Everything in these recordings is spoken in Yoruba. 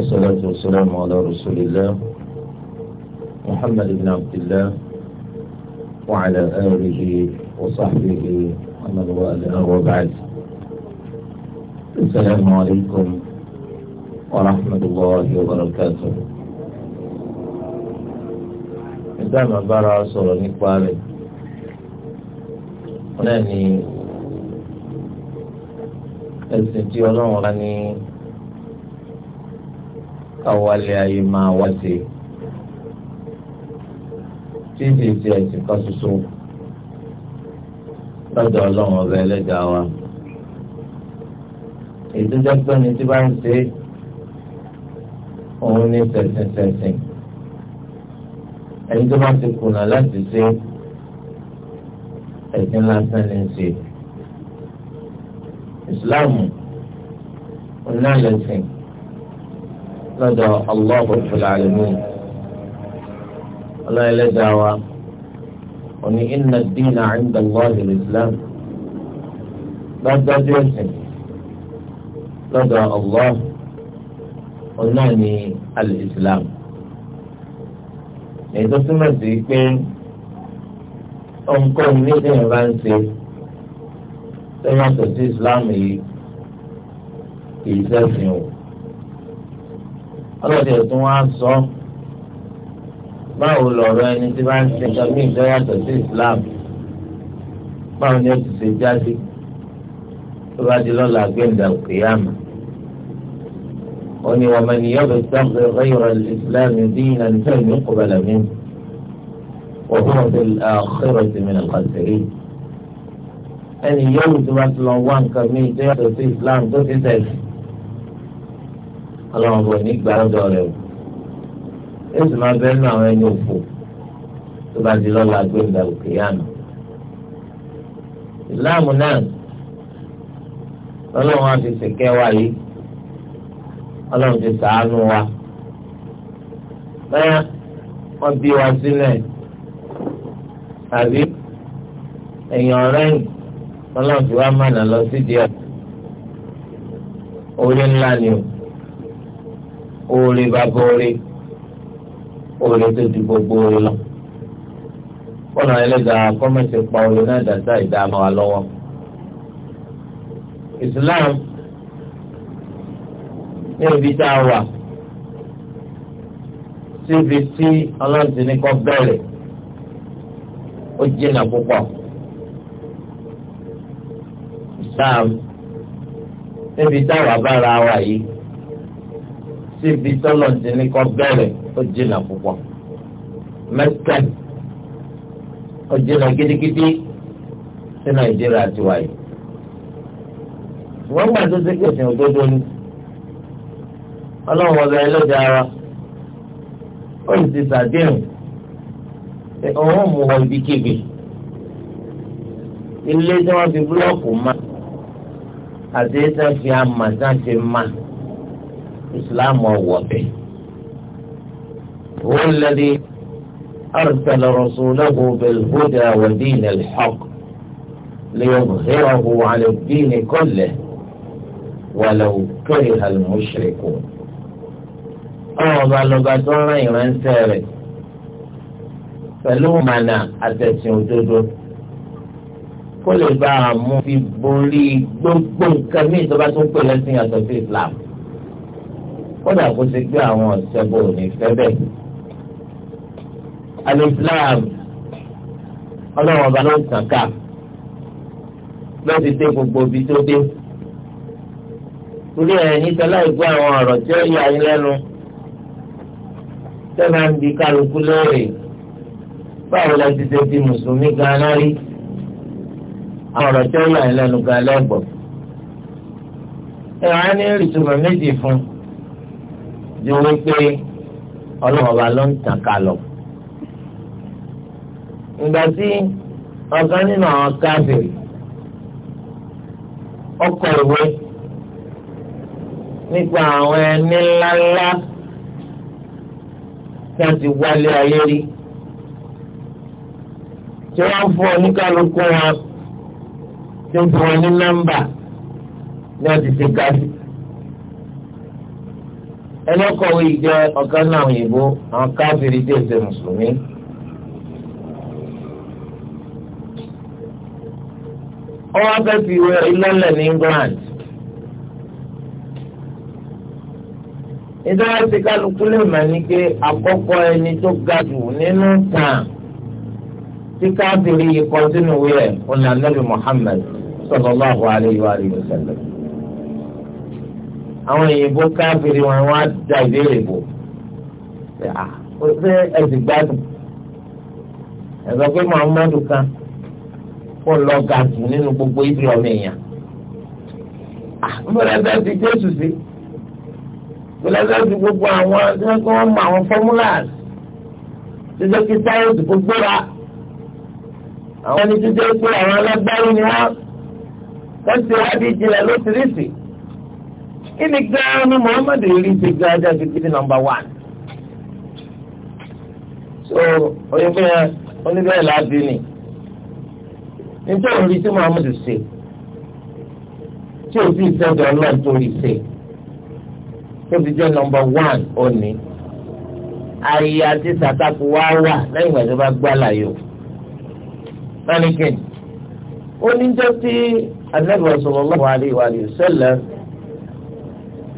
والصلاة والسلام على رسول الله محمد بن عبد الله وعلى آله وصحبه ومن والاه وبعد السلام عليكم ورحمة الله وبركاته دعنا برا صلى نقبال ونأني السنتي ونأني káwálé ayé máa wá sí tí ìdí ti ẹ̀sìn kan ṣoṣo lọ́dọ̀ ọlọ́run ọba ẹlẹ́dàá wa ìdúdọ́ pẹ́ni tí bá ń ṣe òun ní sẹ̀sìnsẹ̀sìn ẹni tó bá ti kùnà láti ṣe ẹ̀sìn lásán ní ṣe ìsìláàmù ọ̀nà lẹ́sìn lọ́dọ̀ Allahu Rabbil Alamin ọlọ́run ẹlẹ́dàá wa òní inna ad-dina 'inda Allahi al-Islam lọ́dọ́jú ẹ̀sìn lọ́dọ̀ Allah ọ̀nà ni islam èyí tó sí pé ohunkóhun ní ìdíyẹn bá ń ṣe lẹ́yìn àtọ̀tí Islam yìí kì í ṣẹ̀sìn o ọlọ́dẹ tó wá sọ báwo lọ̀rọ̀ ẹni tí bá ń ṣe nǹkan mí ìjọ yàtọ̀ sí Islam báwo ni ó ti ṣe jáde tó bá di lọ́la gbẹ̀ǹdà òkèèyàmà ó ní wàmẹ̀ nìyọ́ bẹ̀ sáfẹ́ ọ̀yọ̀rọ̀ Islam bí iná níta ìlú kọ̀bẹ̀lẹ̀ mi òfin ọ̀sẹ̀ àkọ́rọ̀ ti mi nìkan sẹ́rí ẹni yọ́wù tó bá ti lọ wá nǹkan mí ìjọ sí Islam tó ti tẹ̀sí ọlọ́run bò ní gbà lọ́dọ̀ rẹ̀ o èsì máa bẹ́ẹ̀ nù àwọn ẹni òfò tó bá di lọ́la gbẹ̀ngà òkè yánu. ìsìláàmù náà ọlọ́run á fi ṣèkẹ́ wa yìí ọlọ́run ti ṣàánú wa bẹ́ẹ̀ wọ́n bí wa sílẹ̀ tàbí èèyàn rẹ́yìn ọlọ́run ti wá mànà lọ sí díẹ̀ orí ńlá ni o. oore bàbá oore oore tó ju gbogbo oore lọ kọ́nà ẹlẹ́gàá pa oore náà dàtà ìdáná wa lọ́wọ́ Islam ní ibi tá a wà síbi tí ọlọ́sìn kọ́ bẹ̀rẹ̀ Islam níbi tá a wà awa wa síbi tọ́lọ̀ ti ní kọ́ bẹ̀rẹ̀ ó jìnnà púpọ̀ Mẹ́kà ó jìnnà gidigidi sí Nàìjíríà ti wáyé wọ́n gbà tó ṣe òdodo ni ọlọ́run ọba ẹlẹ́dẹ̀ ara ó sì ti sàdéhùn pé òun mú wọn ibikíbi ilé tí wọ́n fi búlọ́ọ̀kù ma àti fi fi ma. إسلام ووضعه هو الذي أرسل رسوله بالهدى ودين الحق ليظهره على الدين كله ولو كره المشركون أعضى لغتون إيمان سيري فلومنا أتسين تدر كل باب مو في بولي بوكو كمي تبا تنقل لسين أتسين إسلام kódà kó ṣe pé àwọn ọ̀sẹ̀bọ ò ní fẹ́ bẹ́ẹ̀. Al-Islam ọlọ́run ọba ló ń tàn ká ló ti dé gbogbo ibi tó dé. Torí ẹ̀ níta láì gbọ́ àwọn ọ̀rọ̀ tí ó yà yín lẹ́nu tẹ́ ń bi kálukú lóore báwo la ti ṣe di mùsùlùmí gan-an rí àwọn ọ̀rọ̀ tí ó yà yín lẹ́nu gan-an lẹ́gbọ̀ọ́. Ẹ̀ wá ní ìrìtùmọ̀ méjì fún un ju wípé ọlọ́run ọba ló ń tàn ká lọ. ìgbà tí ọ̀kan nínú àwọn káfíìrì ọkọ̀ ìwé nípa àwọn ẹni ńláńlá tí a ti wálé ayé rí tí wọ́n fún oníkálukú wọn tí wọ́n fún wọn ní nọ́mbà ní ọ̀tí ti káfí ẹni ọkọ̀wé yìí jẹ́ ọ̀kan náà òyìnbó àwọn káfíìrì tí èsè mùsùlùmí. ọwọ́ akẹ́kọ̀ọ́ ìwé ìlọ́lẹ̀ ní England. nítorí tí kálukú lè mà ní pé àkọ́kọ́ ẹni tó ga jù nínú tàn tí káfíìrì yìí kọ sínú wíyẹ̀ ọ̀nà nàbì Muhammad sallallahu alayhi wa sallam àwọn òyìnbó káfíìrì wọn wọn á da ìbéèrè bò ṣé ẹ sì gbádùn ẹ sọ pé muhammadu kan kó lọ ga jù nínú gbogbo ibi ọmọ èèyàn mbọlá ẹsẹ ti jésù sí mbọlá ẹsẹ ti gbogbo àwọn tí wọn kọ́ wọn mọ àwọn fọmúlàs tó jẹ́ kí sáyẹ́ǹsì kó gbéra àwọn ẹni tó jẹ́ pé àwọn alágbárí ni wọ́n kọ́ sí wádìí ìjìnlẹ̀ lóṣìṣì ibi gan ni Muhammadu rí ti gan ajá ti gidi nọ́mbà wán. so oyinbo yẹn oníbẹ̀rẹ̀ láàbí ni nítorí tí Muhammadu ṣe tí o sì sẹ́dọ̀ náà torí ṣe tó fi jẹ́ nọ́mbà wán òní ayé àti sàtàkù wá wà lẹ́yìn ìgbà tó bá gbá láàyò. báyìí kejì ó ní jẹ́ tí Ànábì sallallahu alaihi wa sallam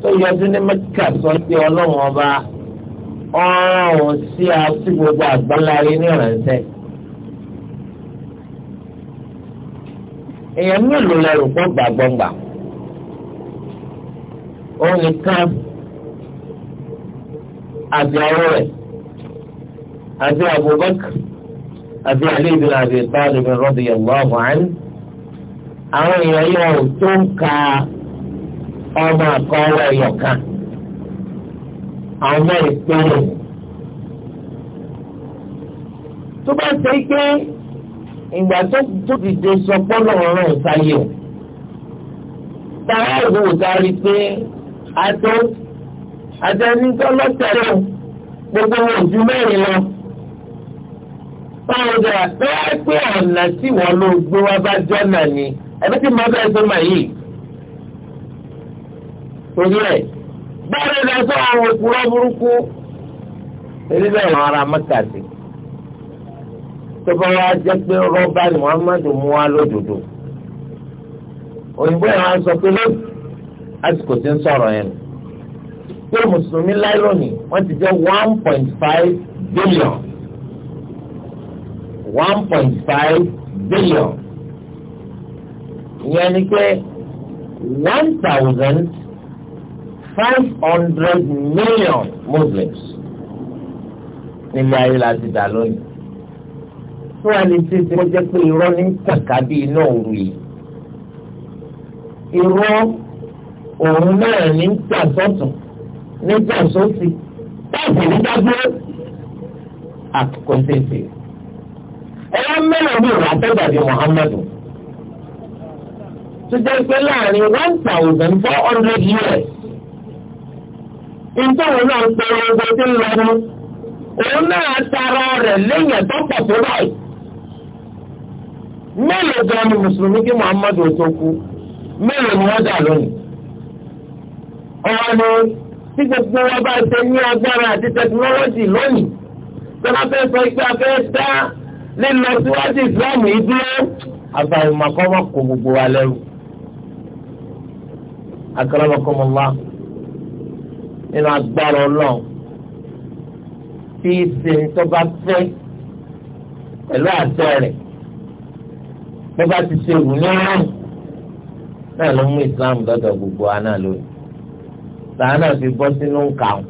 tó yọjú ní mẹ́kà sọ pé ọlọ́run ọba ọ̀ràn òun sí àti gbogbo àgbáláyé ní ìrànṣẹ́. èèyàn mélòó lẹ́rù kó gbàgbọ́ngbà òun nìkan àti ọwọ́ rẹ̀ àti Abubakar àti Ali ibn Abi Talib radiyallahu anhu àwọn èèyàn yóò tó ń ka ọmọ àkọọ́lẹ̀ ẹ̀yọ̀kan àwọn ìpele. tó bá ṣe pé ìgbà tó tó dìde sọ pọ́nlọ̀ ọ̀rọ̀ ìsáyé o táwọn ìwò dárí pé adó adánitọ́lọ́tẹ̀lẹ̀ gbogbo ojú mẹ́rin lọ. báwo dà bẹ́ẹ̀ pé ọ̀nà tí wọ́n ló gbé wá bá jọ́nà ni ẹ̀mí tí mo bẹ́ẹ̀ tó yìí torí ẹ̀ bẹ́ẹ̀ ni ẹ̀sọ́ àwọn òkúrọ̀ burúkú èyí bẹ́ẹ̀ àwọn ará mẹ́ta sí tó bá wá jẹ́ pé rọ́bà ni Muhammadu mú wa lódodo òyìnbó yẹn wá sọ pé lóòtù àsìkò tí ń sọ̀rọ̀ yẹn pé mùsùlùmí láì lónìí ti jẹ́ one point five billion one point five billion ìyẹn ni pé one thousand five hundred million muslims nílé ayé la ti dà lónìí fún ẹni tí tí wọ́n jẹ́ pé irọ́ ní kàkà bí iná òru yìí irọ́ òun náà ní gbà sọ́tún ní gbà sọ́sì báyìí ní dágbére àkókò tètè ẹ̀rọ mẹ́rin ní ìwà àtẹ́gbàdì muhammadu tó jẹ́ pé láàrin one thousand four hundred years. ìtòun náà ń pẹ̀lú ọgbọ́n tí ń lọ́nu òun náà tara rẹ̀ lẹ́yìn ẹ̀tọ́ pọ̀ tó báyìí. mélòó gan ni mùsùlùmí kí muhammadu tó kú mélòó ni wọ́n dà lónìí. ọ̀rọ̀ ni tí gbogbo wọn bá ṣe ní agbára àti lónìí fẹ́ sọ fẹ́ dá lílọ síwájú yìí dúró nínú agbára ọlọ́run tí í ṣe tó bá fẹ́ pẹ̀lú àtẹ rẹ̀ tó bá ti ṣe wù ní ọ̀run náà ló mú Islam dọ́dọ̀ gbogbo wa náà lónìí tàà náà fi bọ́ sínú nǹka o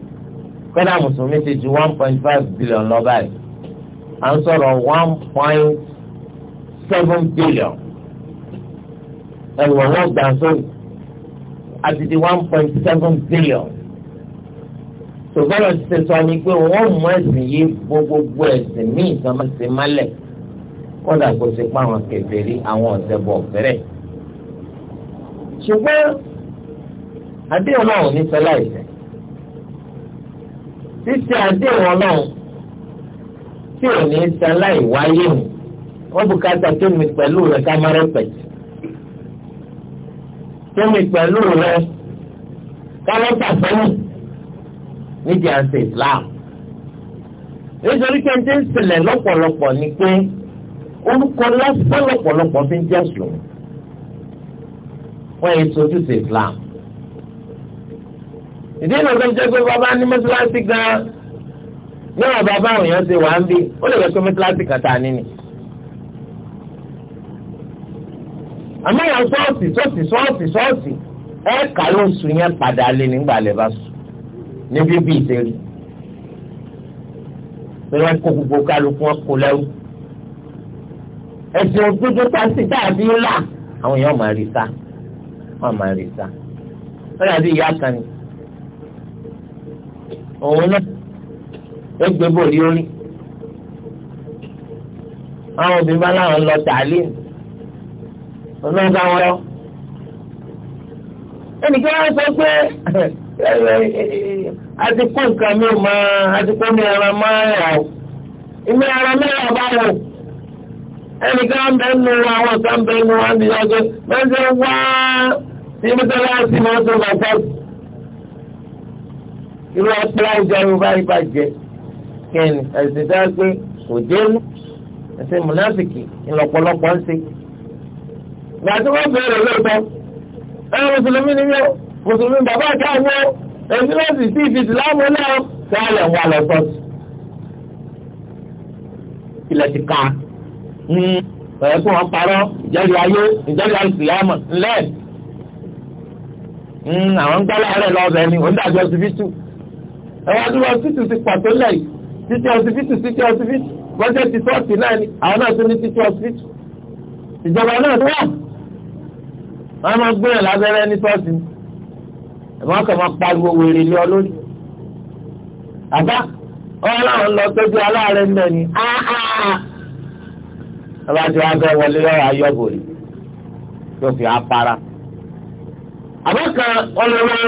kódà mùsùlùmí ti ju one point five billion lọ báyìí à ń sọ̀rọ̀ one point seven billion ẹ̀wọ̀n wọn gbà sórí àti di one point seven billion ṣùgbọ́n ọ̀sẹ̀ ṣe sọ ni pé wọ́n mú ẹ̀sìn yìí gbogbogbò ẹ̀sìn ní ìsọmọṣẹ́ mọ́lẹ̀ kọ́dà kó ṣe pa àwọn kèfèrí àwọn ọ̀sẹ̀ bọ̀ fẹ́rẹ̀. ṣùgbọ́n àdéhùn náà ò ní sọ láìsẹ̀ ṣíṣe àdéhùn náà tí ò ní sọ láìwáyé hù wọ́n bùkátà kémi pẹ̀lú rẹ̀ kámẹ́rẹ́ pẹ̀tì kémi pẹ̀lú rẹ̀ kámẹ́rẹ́ pàṣẹ́yìn nídìí à ń ṣe Islam nítorí pé ní ń ṣẹlẹ̀ lọ́pọ̀lọpọ̀ ni pé orúkọ lásán lọ́pọ̀lọpọ̀ fi ń jẹ́ sùn wọ́n yẹ sojú sí Islam ìdí ìlú ọ̀sán jẹ́ pé bàbá ní mọ́sálásí gan-an níwọ̀n bàbá àwọn èèyàn ṣe wà ń bí ó lè fẹ́ pé mọ́sálásí kan tà nínú. àmọ́ yàn sọ́ọ̀sì sọ́ọ̀sì sọ́ọ̀sì sọ́ọ̀sì ẹ̀ẹ́ka ló ń sun yẹn padà lé nígbà lè bá sùn ní bíbí ìtẹ̀rí pé wọ́n kó gbogbo kálukú wọn kó lẹ́rú ẹ̀sìn òdodo pàṣẹ dàbí ńlá àwọn èèyàn máa rí sá wọ́n máa rí sá wọ́n dàbí ìyá kan ni òun náà ó gbé bòrí orí àwọn obìnrin bá láwọn lọ tààlí òun náà bá wọn lọ ẹnìkan wọn sọ pé àti eh, eh, eh, kó nǹkan mi máa àti kó mi ara máa rà ó ìmọ̀ ara mi rà báwo ẹnìkan ń bẹ nu àwọn kan bẹ nu wọn ní ọjọ́ bẹ́ẹ̀ ṣe wá sí mọ́tàláṣí máa tó bàtà irú ọpẹ́ àwùjọ ni bá rí bàjẹ́ kẹ́ni ẹ̀sìn tá a gbé kò dénú ẹ̀sìn mùnáfìkì ńlọ́pọ̀lọpọ̀ ń ṣe. ìgbà tí wọ́n bẹ̀rẹ̀ lóòótọ́ ẹ̀rọ mùsùlùmí ni yóò mùsùlùmí bàbá àtàwọn ẹni ló sì sí ìfìsì láàmú náà sálẹ̀ wà lọ́sọ̀ọ̀sì. ilẹ̀ ti ka ẹ̀ kó wọn parọ́ ìjẹ́rìí ayé ìjẹ́rìí àìsílámù ńlẹ̀ àwọn ń gbálẹ̀ rẹ̀ lọ́ọ̀bẹ ni òun dàbí ọsibítù ẹ̀wọ́n tí wọ́n títù ti pàtó lẹ̀ títí ọsibítù títí ọsibítù bọ́jẹ́ ti tọ́ọ̀tì náà ni àwọn náà tún ní títí ọsibítù ìjọba náà tó wà wọ́n máa gbé yàn lábẹ́rẹ́ ní tọ́ọ̀tì ni ẹ̀fọn kẹ́ máa pariwo wèrè lé ọ lórí. àbá ọlọ́run lọ tọ́jú aláàárẹ̀ náà ni ọba tí wàá fẹ́ wọlé lọ́wọ́ ayọ́bòrì tó fi apara. àbá kan ọlọ́wọ́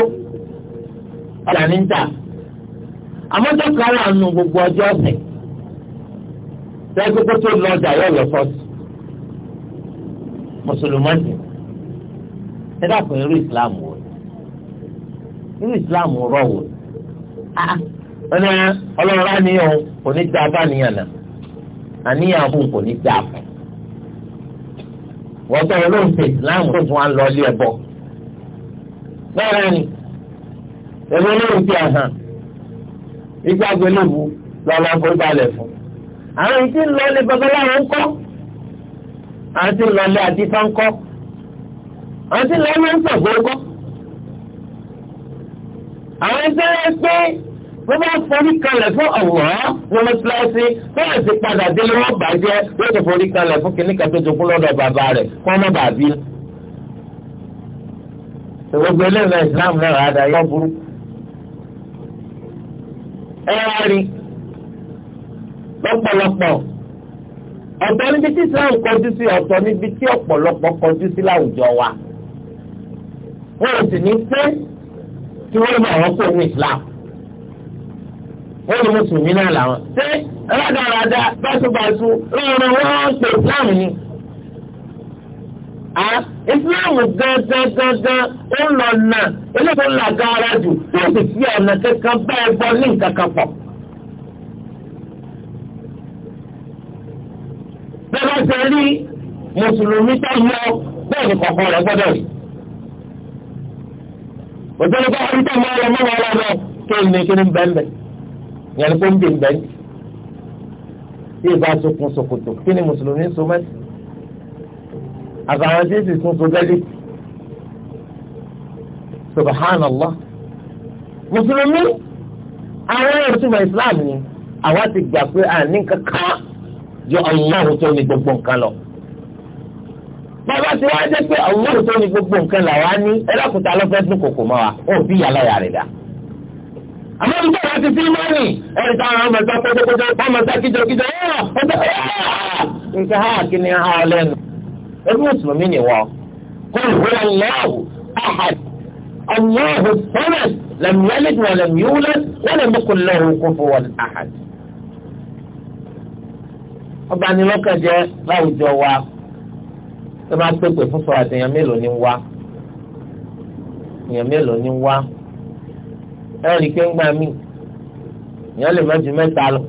ọ̀là ní ta àmọ́jọ́ kan wà nù gbogbo ọjọ́ ọ̀sẹ̀ tẹ́gbẹ́gbẹ́ tó lọ ọjà yọ̀ lọ sọ́ọ̀sì mùsùlùmọ́sì ẹ dàpọ̀ irú ìsìlámù nínú islam rọ̀ wò ẹni ah, ọlọ́run àníyàn kò ní dá bá níyàn náà àníyàn fún kò ní dá wọ́n tọ́ olóhùn islam tó fún wa lọ ilé ẹ̀bọ bẹ́ẹ̀ ni ẹ̀rọ olóhùn ti hàn igbá gbẹlẹ́wù lọ́la fún àwọn ìdí babaláwo ńkọ́ ńkọ́ ńkọ́. àwọn ẹgbẹ́ rẹ pé wọ́n bá forí kalẹ̀ fún àwòrán wọn lọ síláṣí wọ́n lè ti padà délé wọ́n bàjẹ́ wọ́n ti forí kalẹ̀ fún kìnnìkan tó jogún lọ́dọ̀ bàbá rẹ̀ kọ́ ọmọ bàbí. gbogbo eléyìí Islam náà rà dá yọ burú. ẹ wá rí lọ́pọ̀lọpọ̀ ọ̀tọ̀ níbi tí Islam kọjú sí ọ̀tọ̀ níbi tí ọ̀pọ̀lọpọ̀ kọjú sí láwùjọ wa. wọ́n ò sì ní pẹ́ tí wọ́n bá wọn kó ní Islam wọ́n ní mùsùlùmí náà làwọn. ṣé rádaràda báṣubàṣu lọ́rùn wọn ń pè Islam ni. a Islam gangan gangan ó lọ nà eléyìí ńlá gara jù tó sì fi ọ̀nà kankan bẹ́ẹ̀ gbọ́ ní nǹkan kan pọ̀. bẹ́ẹ̀ bá ṣe rí mùsùlùmí tó yọ bẹ́ẹ̀ ni kọ̀ọ̀kan rẹ̀ gbọ́dọ̀ rí òtẹ́lẹ̀ bá wọn tẹ̀ mọ́ ọmọ wọn lọ kéwìn ní kí ni bẹ́ẹ̀ yẹn ni kó ń bìn bẹ́ẹ̀ tí ì bá sokun ṣòkòtò kí ni mùsùlùmí so mẹ́sì àtàwọn tí ì sì sun so gẹ́lì subhanallah mùsùlùmí àwọn ìtumọ̀ islam ni àwa ti gbà pé àní kankan ju ọlọ́run tó ní gbogbo nǹkan lọ bàbá tí wàá jẹ́ pé àwọn olùtó ni gbogbo nǹkan làwa ní ẹlẹ́kùnta lọ́fẹ́ dún kòkò mọ́ wa ó bí ìyá lọ́ọ̀yà rẹ̀ dá. àmọ́ nígbà wọn ti fi mọ́nì ẹ̀rí táwọn ọmọ ẹ̀sán kọjọkọjọ ọmọ ẹ̀sán kíjọkíjọ nǹkan ha kí ni ha lẹ́nu. ẹbí mùsùlùmí ni wọ́n kó ìwé ọlọ́ọ̀hù ahad ọlọ́ọ̀hù sọ́nẹ̀t lẹ́mìẹ́lẹ́dì wọn lẹ́mìúlẹ́ wọn lè mọ́kùn tó bá pèpè fún sọ àtẹ̀yàn mélòó ni wá èèyàn mélòó ni wá ẹ rí i pé ń gbà mí èèyàn lè mọ́jú mẹ́ta lọ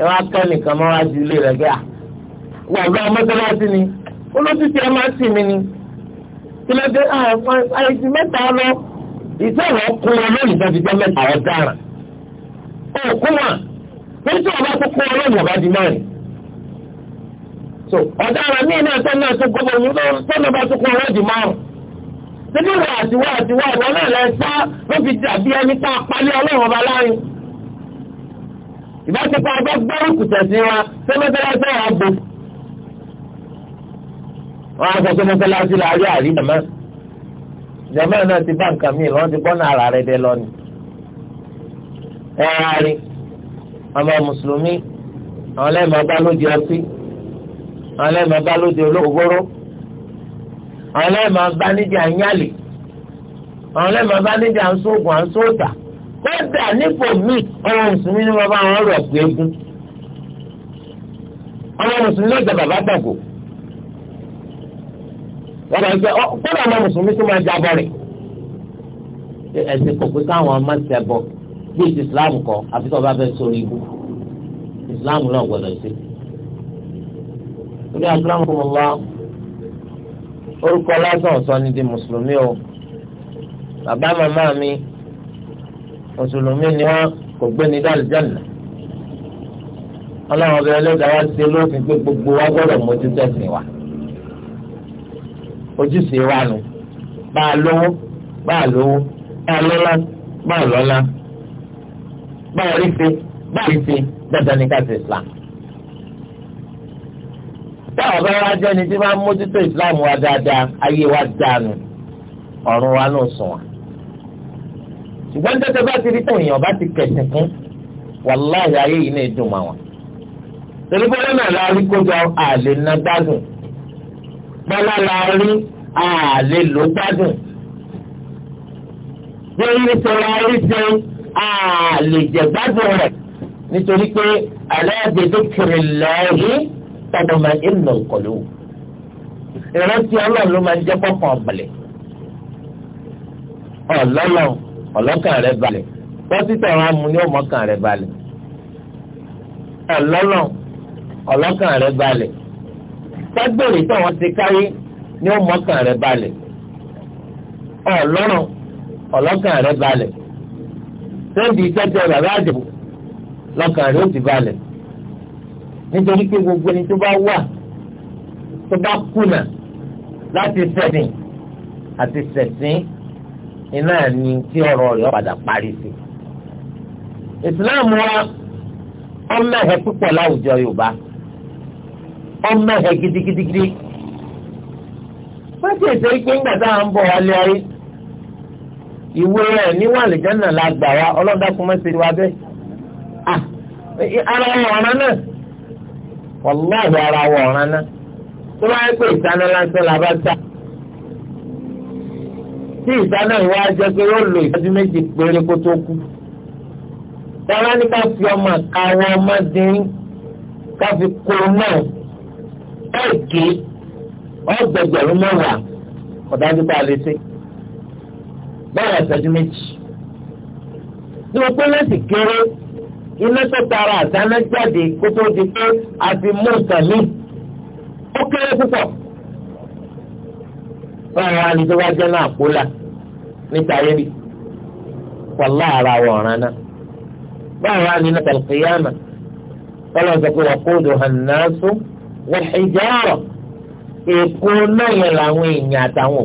ẹ wá kẹ́ nìkan mọ́ wá ju ilé rẹ̀ gẹ́ à wà lọ mọ́tọ́lásí ni olójú tí ẹ máa sì mí ni kí ló dé àìsí mẹ́ta lọ ìtẹ̀wọ̀ kún wọn lónìí tó fi jẹ́ mẹ́ta ọ̀daràn òkú wọn nítorí wọn bá tó wọn lónìí ọ̀bá di mẹ́rin tó ọ̀daràn míì náà tó náà tó gbọ́dọ̀ yín lọ tó náà bá tó kún ọ̀rọ̀ ìdìmọ̀ ọ̀rùn. Síbí wà àti wà àti wà ìwọ náà lẹ sá ló fi dàbí ẹni tá a palẹ̀ ọlọ́run ọba láyìn. Ìbáṣepọ̀ ọgbẹ́ gbọ́rọ̀ kùtẹ̀ sí wa tó mẹ́tẹ́lẹ́sẹ̀ wà gbó. Wọ́n á sọ pé mẹ́tẹ́lẹ́sẹ̀ la rí àrí jàmá. Jàmá náà ti bá nǹkan mìíràn, wọ́n ti bọ́ náà ara rẹ̀ dẹ lọ ni. Ẹ ọmọ mùsùlùmí àwọn lẹ́yìn máa bá lóde ọtí àwọn ẹlẹ́mọ̀ bá lóde olóògbóró àwọn ẹlẹ́mọ̀ bá nídìí àyálè àwọn ẹlẹ́mọ̀ bá nídìí àǹsóògùn àǹsóòtà kódà nípò míì ọmọ mùsùlùmí ni wọn bá wọn rọ̀ pé egun ọmọ mùsùlùmí ló jẹ bàbá tàgò wọn bá gbé kódà ọmọ mùsùlùmí tó máa jábọ̀ rẹ̀ ẹ̀sìn kò pé káwọn ọmọ ṣẹbọ bí ti kọ àfi tó bá fẹ́ sórí ibú Islam náà gbọdọ̀ ṣe ní akramakumullah orúkọ lásán ọ̀sán ni di mùsùlùmí o bàbá màmá mi mùsùlùmí ni wọn kò gbé ní dàlùjánà ọlọ́run ọbẹ̀ ẹlẹ́dàá wá sí lófin pé gbogbo wa gbọ́dọ̀ mójútó ẹ̀sìn wa ojúṣe wa nù bá a lówó bá a lówó bá a lọ́lá bá a lọ́lá bá a rí ṣe bá a rí ṣe dandan ní ká ṣe Islam táwọn bá wá jẹ́ ni tí máa ń mójútó islam wa dáadáa ayé wa dànù ọ̀run wa náà sùn wa. ṣùgbọ́n tẹ́tẹ́ bá ti rí tó èèyàn bá ti kẹ̀sìn fún wàláhì ayé yìí náà dùn mọ́ wọn. torí bọ́lá náà la rí kójọ àlè ná gbádùn bọ́lá la rí àlè ló gbádùn. bí orí sọ̀rọ̀ orí ṣe àlè jẹ̀ gbádùn rẹ̀ nítorí pé aláàbẹ̀dẹ̀ kiri lẹ́yìn tọ́gbọ́n máa ń nà ọ̀kọ̀lù ìrántí ọlọ́run ló máa ń jẹ́ pọ́pọ́ ọ̀bàlẹ̀ ọ̀lọ́lọ́ ọ̀lọ́kàn rẹ̀ balẹ̀ pọ́sítọ̀ ọ̀rọ̀ amú ni ọmọkàn rẹ̀ balẹ̀ ọ̀lọ́lọ́ ọ̀lọ́kàn rẹ̀ balẹ̀ tágbèrè tó wọn ti káyé ni ọmọkàn rẹ̀ balẹ̀ ọ̀lọ́rọ̀ ọ̀lọ́kàn rẹ̀ balẹ̀ sẹ́ńdì ìtẹ́jọ́ bàbá àjẹbù lọ́kàn rẹ̀ ó ti balẹ̀ nítorí pé gbogbo ẹni tó bá wà tó bá kùnà láti sẹ̀sìn àti sẹ̀sìn iná ni tí ọ̀rọ̀ rẹ̀ padà parí sí. ìsìláàmù wa ọmọ ẹ̀hẹ́ púpọ̀ láwùjọ yorùbá ọmọ ẹ̀hẹ́ gidigidigidi wọ́n ti ṣe pé ńgbà tá à ń bọ̀ wálé ayé ìwé ẹ̀ níwọ̀n àlìjánà la gbà wá ọlọ́dà kúmọ́sí wa bẹ́ẹ̀. Ah, ara ọ̀ràn náà wàláhì ara wọ̀ ọ̀ràn náà tó bá yẹ pé ìtaná lásán la bá sá tí ìtaná ìwà jẹ́ pé yóò lo ìtọ́jú méjì péré kó tó kú tọ́lá ní ká fi ọmọ àkàrà ọmọdéyìn ká fi kó náà ẹ̀ẹ́dì ọgbẹgbẹ̀rún mẹ́wàá ọ̀dájú bá a lè ṣe bẹ́ẹ̀ ìtọ́jú méjì ní o pé láti kéré. iná tó tara àdáná jáde kó tó di pé a ti mú nǹkan ó kéré púpọ̀ báwọn alìsíwájú náà kó la níta yẹn bi wàlá ara wọn ọ̀ràn náà báwọn alìsíwájú náà kàlùkìyàmà wọn sọ pé wọn kó do èkó náà làwọn èèyàn àtàwọn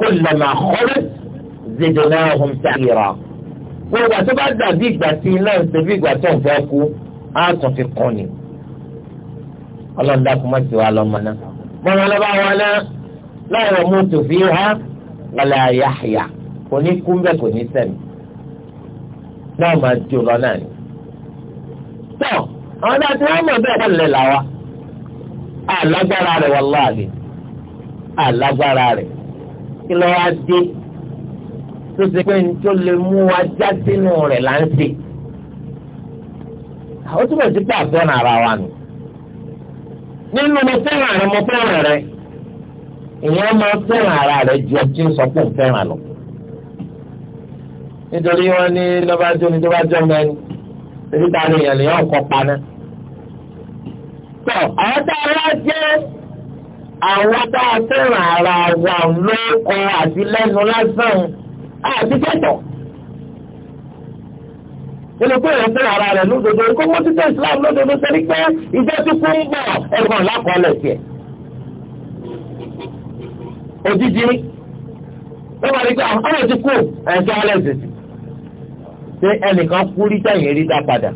kullama khalu zidnahum sa'ira gbogbo àti bá dàbí ìgbà tí iná ń ṣe bí ìgbà tó ń fẹ́ kú á tún fi kún ni ọlọ́run dákun má ti wá lọ́mọ náà mọ̀nà lọ́ba wọn náà láwọn mú tòfí ha wala yahya kò ní kú bẹ́ẹ̀ kò ní sẹ́mi náà máa di ọ lọ́nà ni. tọ́ àwọn náà tí wọ́n mọ̀ bẹ́ẹ̀ kọ́ lè là wa alágbára rẹ̀ wallahi alágbára rẹ̀ kí lọ́ wá dé tó ṣe pé ní tó lè mú wa já sínú rẹ̀ là ń ṣe. àwọn túbọ̀ sí pé àgbọ̀nà ara wa nù. nínú mo fẹ́ràn rẹ mo fẹ́ràn rẹ ìyẹn máa fẹ́ràn ara rẹ ju ọtí ń sọ pé òun fẹ́ràn lọ. nítorí wọn ní lọ́bàjọ́ ní lọ́bàjọ́ mẹ́rin èyí ta ni ìyẹn lè yàn kọ́ paná. tọ́ àwọn tá a wá jẹ́ àwọn bá a fẹ́ràn ara wa lóko àti lẹ́nu lásán àti kẹ́tọ̀. nínú pé èèyàn fẹ́ràn ara rẹ̀ lódodo kó wọ́n ti tẹ́ Islam lódodo sẹ́ni pé ìjọ tó kún ń bọ̀ ẹ̀gbọ́n lákọọ́lẹ̀ tiẹ̀. òjijì wọ́n máa ní pé ah, ọ̀rọ̀ ti kú ẹ̀ńtí alẹ́sì sí. ṣé ẹnìkan kú rí sẹ́yìn rí dá padà?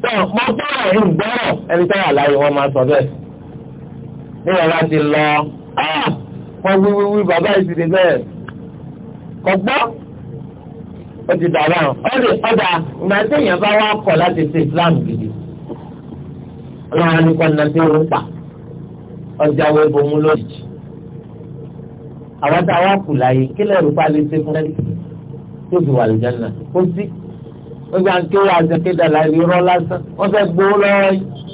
sọ ma bá ẹ̀rù gbọ́rọ̀ ẹni tẹ́wà láyé wọn máa sọ bẹ́ẹ̀ níwọ̀n bá ti lọ ah, wọ́n wí wí wí bàbá yìí ti dé bẹ́ẹ̀ kọ́ gbọ́ ó ti dàrá ọ̀dẹ ọ̀dà ìgbà tí èèyàn bá wá kọ̀ láti ṣe Islam gidi ọlọ́run ní kọ́ nàbí òun pa ọjà wo ibòmú lójijì àwọn tá a wá kù láyé kí lẹ́rù pa lè ṣe fún ẹ́ tó fi wà lójà náà kó sí ó gbà ń kéwàá àti kéda láyé irọ́ lásán wọ́n fẹ́ gbowó lọ́wọ́ yìí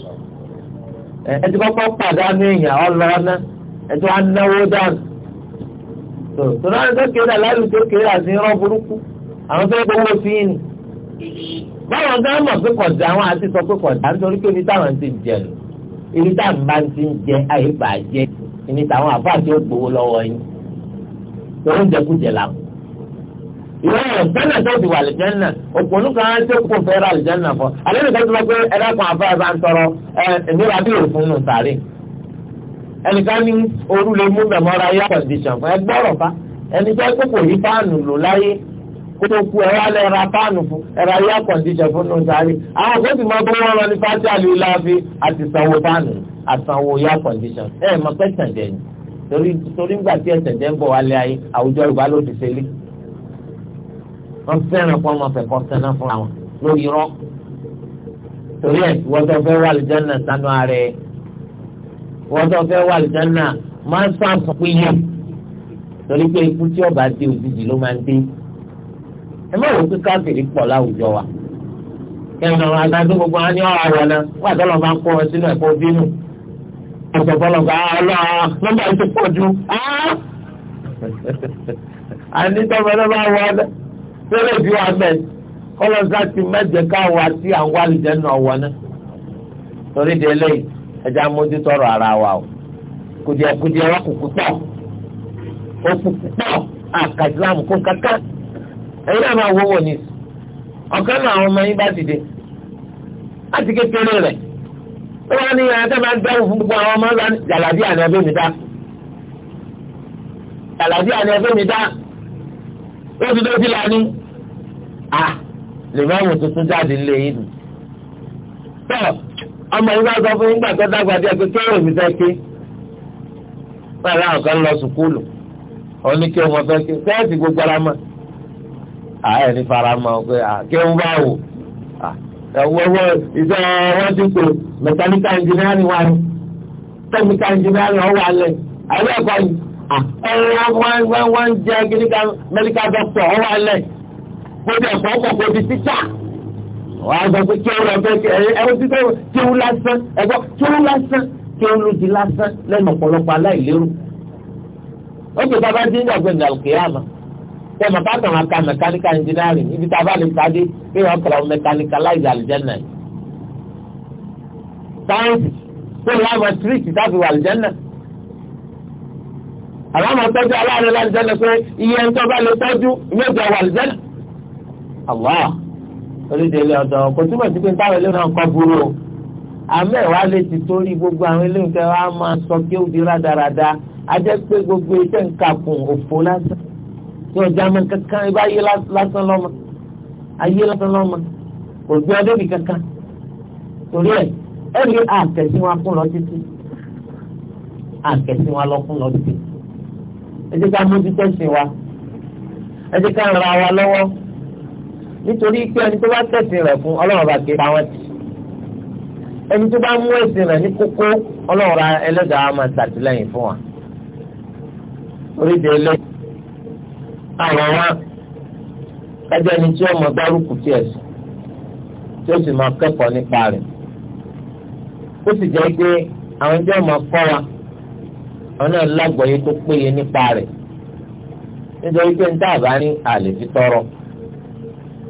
ẹtí kọ́kọ́ pàdánù èèyàn ọlọ́ọ̀nà ẹtí wọn náwó dànù tó tó náà ní kékeré aláìlú kékeré àti irọ́ burúkú àwọn fẹ́ gbowó sí ni báwọn gán mọ̀ pé kọ̀dà àwọn àti sọ pé kọ̀dà nítorí pé ibi táwọn ti jẹ lò ibi táwọn bá ti ń jẹ àyè bàjẹ́ ìní táwọn àbá àti ògbówó lọ́wọ́ yín tó ń jẹkújẹ làwọn ìrọ̀lẹ́ àlùjáná tó ti wà àlùjáná òpònú kan á ti kó fẹ́ ra àlùjáná fún alẹ́ nìkan tó lọ pé ẹ dákun afárá bá ń tọrọ ẹ ìmúra bí òfin nù sàárè ẹnìkan ní orú lè mú mẹ̀mọ́ra yá kọ̀ǹdíṣàn fún ẹ gbọ́rọ̀ fa ẹni tó kó kò rí fáànù lò láyé kó tó ku ẹ̀rọ alẹ́ ra fáànù fún ẹ̀rọ yá kọ̀ǹdíṣàn fún nù sàárè àwọn kó sì máa bọ́ wọn lọ ní fásitì àlùláfi àti sanwó fáànù àsanwó yá kọ̀ǹdíṣàn wọ́n fẹ́ràn kọ́ ọmọ fẹ́ kọ́ sẹ́nà fúnra wọn lórí rọ́ torí ẹ̀ wọ́n tó fẹ́ wà lìjánà sanu ara ẹ̀ wọ́n tó fẹ́ wà lìjánà máa ń sàǹsàn pé yẹ torí pé ikú tí ọba dé òjijì ló máa ń dé ẹ má wò ó pé káfíìrì pọ̀ láwùjọ wa kẹ́hìn ọ̀rọ̀ adájọ́ gbogbo wa ní ọ̀rọ̀ àwọ̀ náà wà tó lọ́ọ́ bá ń kó wọn sínú ẹ̀kọ́ bínú ọ̀sọ̀ bọ́lọ̀ gba ọlọ́ọ̀ nọ́mbà yìí ti pọ̀ ju. a ní tọ́mọdé bá wọ ọdẹ nwere ìbí wa mẹ́ ọzọ ti mẹ́jẹ káwọn àti àwọn àlùjẹ́ náà wọ̀ náà torí de eléyìí ẹja mójútọ́rọ̀ ara wa o kùdìẹ̀kùdìẹ̀ wa kùkù tọ̀ ó kùkù tọ̀ àkàtìlámù kankan ẹ̀yin náà àwọn ọmọ yín bá láti kékeré a lè má mú tuntun jáde ńlẹ̀ yìí nù. tọ́ ọmọ yìí bá sọ fún nígbà tó dàgbà díẹ̀ pé kí èrò mi fẹ́ ké pẹ̀lú àwọn kan lọ sùkúlù òun ní kí ọmọ fẹ́ ké sẹ́ẹ̀sì gbogbo ara mọ́ àá ẹni fara mọ́ pé kí ń bá wò ẹ̀wọ́wọ́ iṣẹ́ wọn ti pè mẹkáníkà ẹnjìnírì wà ní tẹmíkà ẹnjìnírì ọ̀wà lẹ̀ àyẹ̀kọ́ ni ẹ̀rọ wọn jẹ́ kíníkà mẹdíkà dọ́kítọ̀ ọ̀wà lẹ̀ kó di ẹ̀kọ́ ọkọ̀ kó di tíṣà wọ́n á gbọ́ pé kí ó lọ fẹ́ ẹ̀rọ títí kí ó lásán ẹ̀gbọ́ kí ó lásán kí ó lójú lásán lẹ́nu ọ̀pọ̀lọpọ̀ aláìlérò. ó ti bàbá dín ìgbàgbé ní àlùkìyàmà tẹ mà bá tàn án ka mẹkáníkà ẹnjìnírì ibi tá a bá lè pàdé bí wọn kọ̀ọ̀ mẹkáníkà láì àlùjẹ́nà yìí. sáyẹ́nsì tó láwọn tírìtì tábí wà àlùjẹ́nà. àwọn ọmọ tọ́jú aláàrẹ láàlùjẹ́nà pé iye ń tọ́ bá lè tọ́jú ìyẹn Allah oríṣiríṣi ọ̀dọ̀ kò túbọ̀ sí pé táwọn eléyìí náà kọ́ burú o àmọ́ ẹ̀wá lè ti torí gbogbo àwọn eléyìí kẹ́ wá máa sọ kí ó di rádaràda á jẹ́ pé gbogbo iṣẹ́ nǹkan kùn òfò lásán tí ọjà máa kankan ibà yé lásán lọ́mọ ayé lásán lọ́mọ kò gbé ọdún mi kankan torí ẹ̀ ẹ̀rí àkẹ́sí wọn kún lọ títí àkẹ́sí wọn lọ kún lọ títí ẹ jẹ́ ká mójútó ẹ̀sìn wa ẹ jẹ́ ká ra wa lọ́wọ́. nítorí pé ẹni tó bá tẹ̀sìn rẹ̀ fún ọlọ́run bá ké pàwọn tì ẹni tó bá mú ẹ̀sìn rẹ̀ ní kókó ọlọ́run ra ẹlẹ́dàá máa ṣàtìlẹ́yìn fún wa oríṣi ẹlẹ́ àwọn wa kájọ ẹni tí ọmọ gbárùkù tí ẹ̀sìn tí ó sì máa kẹ́kọ̀ọ́ nípa rẹ̀ ó sì jẹ́ pé àwọn ẹjọ́ máa kọ́ wa àwọn náà lágbọ̀ọ́yé tó péye nípa rẹ̀ nítorí pé tọrọ.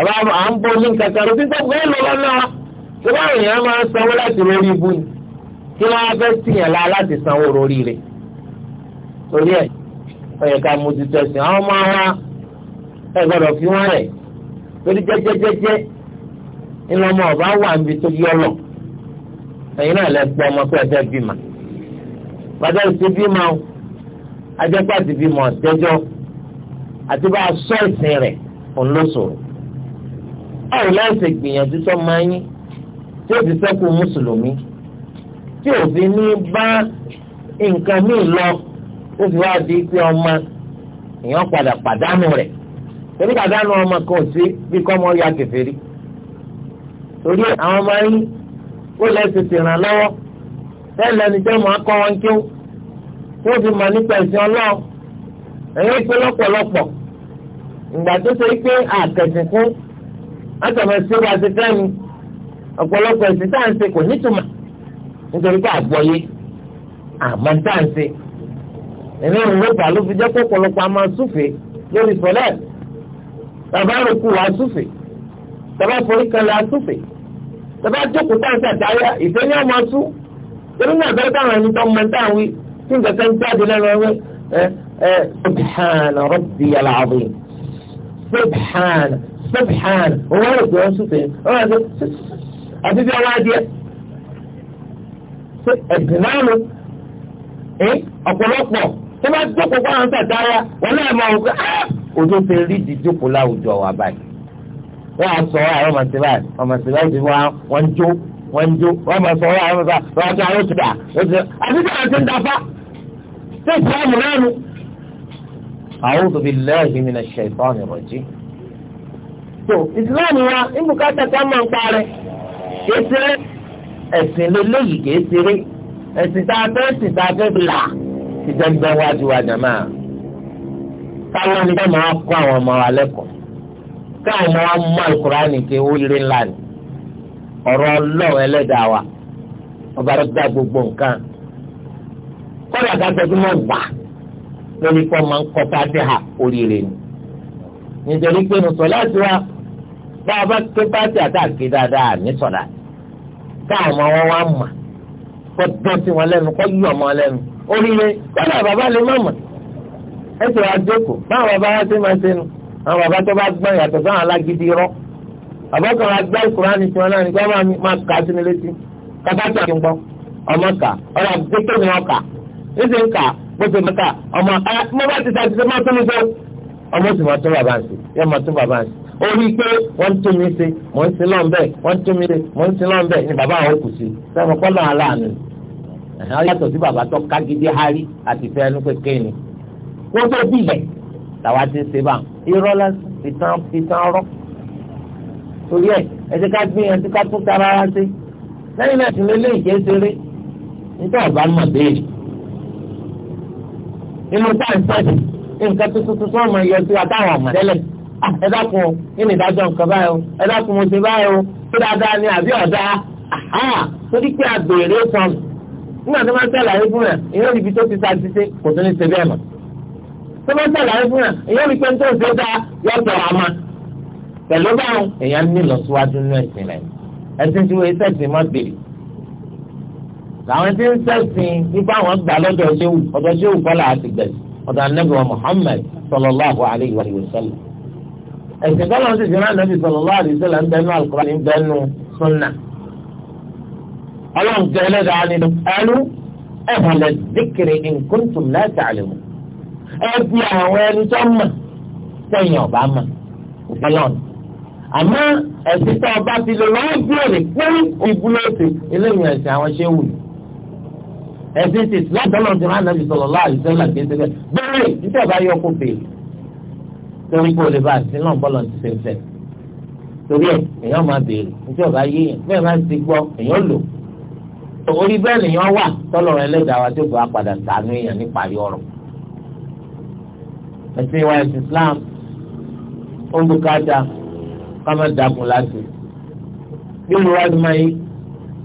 àbá à ń bọ́ ní kankan ló ti gbọ́ bẹ́ẹ̀ lọ lọ́nà tí wọ́n rìn yẹn máa ń sanwó láti lórí ibu ni kí wọ́n á fẹ́ tìyàn la láti sanwó lórí rẹ̀ torí ẹ̀ ọ̀yẹ̀ ká mójútó ẹ̀sìn àwọn ọmọ wa ẹ̀ gbọ́dọ̀ fi wọ́n rẹ̀ torí jẹ́jẹ́jẹ́jẹ́ ńlọmọ ọba wà níbi tó yọlọ ẹ̀yin náà lẹ gbọ́ ọmọ pé ẹ̀fẹ́ bímọ bàtà ìṣe bímọ ajẹ́pàtì bímọ ọ̀tẹ́jọ́ àti bá a sọ ìsìn rẹ̀ òun ló sọ̀rọ̀ ọ láì gbìyànjú sọ máa yín tí o fi sẹ́kù mùsùlùmí tí o fi ní bá nǹkan míì lọ ó fi wá di pé ọmọ èèyàn padà pàdánù rẹ̀ torí pàdánù ọmọ kan sí ọmọ ya torí àwọn ọmọ yín ó lọ́wọ́ tẹ́ wọn kí ó fi nípa ẹ̀sìn ẹ̀yìn pé lọ́pọ̀lọpọ̀ àtọ̀mọ̀ ẹ̀sìn bá ti fẹ́ mi ọ̀pọ̀lọpọ̀ ẹ̀sìn tá à ń ṣe kò nítumọ̀ nítorí pé àgbọ̀yé àmọ́ tá à ń ṣe ẹ̀mí ìrìn ló fà ló fi jẹ́ kó ọ̀pọ̀lọpọ̀ àmọ́ súfè lórí sọ̀lẹ́ bàbá rògbò wà súfè bàbá forí kanlẹ̀ àsúfè bàbá jókòó tá à ń ṣàtàyà ìfẹ́ ní ọmọ sú torí náà bẹ́ẹ̀ táwọn ẹni tó mọ táwọn wí tí nǹkan kan jáde lẹ́nu ẹ ẹ subhana subhan òun wọ́n rò pé wọ́n súnfẹ̀ wọ́n rà pé àti bí ọwọ́ adìẹ ẹ̀sìn náà ló ọ̀pọ̀lọpọ̀ tó bá jókòó fún àwọn sàtáyà wọn náà máa wò pé òjò ti rí ìdíjókòó láwùjọ wa báyìí wọ́n á sọ àwọn ọmọ sí báyìí ọmọ sí báyìí ti wọ́n jó wọ́n jó wọ́n máa sọ àwọn ọmọ sí báyìí wọ́n ti àwọn oṣù dà àti bí wọ́n ti ń dafa tó ìsìlámù náà nu. a'udhu billahi minash shaitani rajim. so islam wa ìbùkátà ká máa ń parẹ́ kìí ṣeré ẹ̀sìn lélẹ́yìí tá a fẹ́ ẹ̀sìn tá a wájú wa jàmá táwọn ní bẹ́ẹ̀ máa kọ́ àwọn ọmọ wa lẹ́kọ̀ọ́ káwọn mú alukurani wa ọba gba gbogbo nǹkan lórí máa ń oríire ni bá a bá ké pàtì àtàkì dáadáa ní sọ̀dà táwọn ọmọ wọn wá mà kó dán sí wọn lẹ́nu kó yí ọmọ lẹ́nu oríire kọ́dà bàbá lè má mà ẹ ti wá jókòó báwọn bàbá wá sí máa ṣe nu àwọn bàbá tó bá gbọ́n yàtọ̀ sáwọn alágídí rọ́ bàbá kan wá gbá ìkùránì tí wọn náà nígbà máa kà á sínú létí kàkà tó àti ń ọmọ kà ọ̀rọ̀ àgbẹ̀tọ̀ ni wọn kà ẹsẹ̀ ń kà gbọ́dọ̀ mẹ́ta ọmọ ẹ mo bá ti sàtìsẹ́ máa tó mi sọ ọmọ sì máa tún bàbá ń sè yẹ máa tún bàbá ń sè ó rí i pé wọ́n tún mi ṣe mò ń sin lọ́n bẹ́ẹ̀ wọ́n tún mi ṣe mò ń sin lọ́n bẹ́ẹ̀ ni bàbá àwọn kù sí sẹ́mi kọ́lọ́ aláàánú ẹ̀hán yàtọ̀ sí bàbá tó kágídé hárí àti fẹ́ ẹnu kéke ni wọ́n tó bìlẹ̀ làwa ti ń ṣe bá irọ́ lásán ìtàn ìtàn ọ̀rọ̀ torí ẹ̀ ẹ ti ká gbìyànjú ká tún tara ara ṣe lẹ́yìn náà sì lélẹ́ ìjẹ́ ṣeré nígbà bá mọ̀ béèrè nínú táǹtàn nǹkan tuntun tuntun ọmọ yẹn ti wá táwọn ọmọ tẹ́lẹ̀ ẹ dákun kí ni ìdájọ́ nǹkan báyìí o ẹ dákun mo ṣe báyìí o ṣé dáadáa ni àbí ọ̀dá torí pé àgbèrè sọnù nígbà tó máa ń tẹ̀lé fún yà ìyẹn níbi tó ti sa títí kò tó ní ṣe bẹ́ẹ̀ mọ́ tó máa ń tẹ̀lé fún yà ìyẹn níbi tó ń ṣe dáa yọ̀tọ̀ àmà pẹ̀lú báwọn èèyàn ní ìlọsíwájú ní ẹ̀sìn rẹ̀ ẹ̀sìn tí wọ́n ṣẹ̀sìn má bèrè làwọn tí ń ṣẹ̀sìn nípa àwọn gbà lọ́dọ̀ ṣéwù ọ̀dọ̀ ṣéwù kọ́lá àti gbẹ̀sì ọ̀dọ̀ anábìwọ̀n Muhammad sallallahu alaihi wa sallam ẹ̀sìn tọ́lọ́ sì fi ránà bí sallallahu alaihi wasallam ń bẹnu Al-Qur'ani ń bẹnu Sunnah. ọlọ́run jẹ́ ẹlẹ́dàá nínú ẹnu ẹ̀hànlẹ̀ dìkìrì in kuntum la ta'lamun. ẹ bí àwọn ẹni tó mọ̀ sẹ́yìn ọ̀bá mọ̀ ọlọ́run. àmọ́ ẹ̀sìn tó ọba ti lò lọ́wọ́ bí èrè pé ìbúlọ̀ọ̀sì eléyìí ẹ̀sìn àwọn ṣé wù ẹ̀sìn ti ìsìláàdọ́lọ́ọ̀dún ránà bí sallallahu alaihi wasallam torí kó lè bá àti náà bọ́lọ̀ ti ṣe fẹ́ torí ẹ̀ èèyàn máa béèrè níjọ́ ọ̀gá yé yẹn bẹ́ẹ̀ máa ti gbọ́ èèyàn lò orí bẹ́ẹ̀ lèèyàn wà tọ́lọ̀rọ̀ ẹlẹ́dàá wa tó bá padà sànú èèyàn nípa yọrọ̀ ẹ̀sìn wa ẹ̀sìn Islam ó ń bùkátà ká má dàgùn láti bí olùwádìí máa yí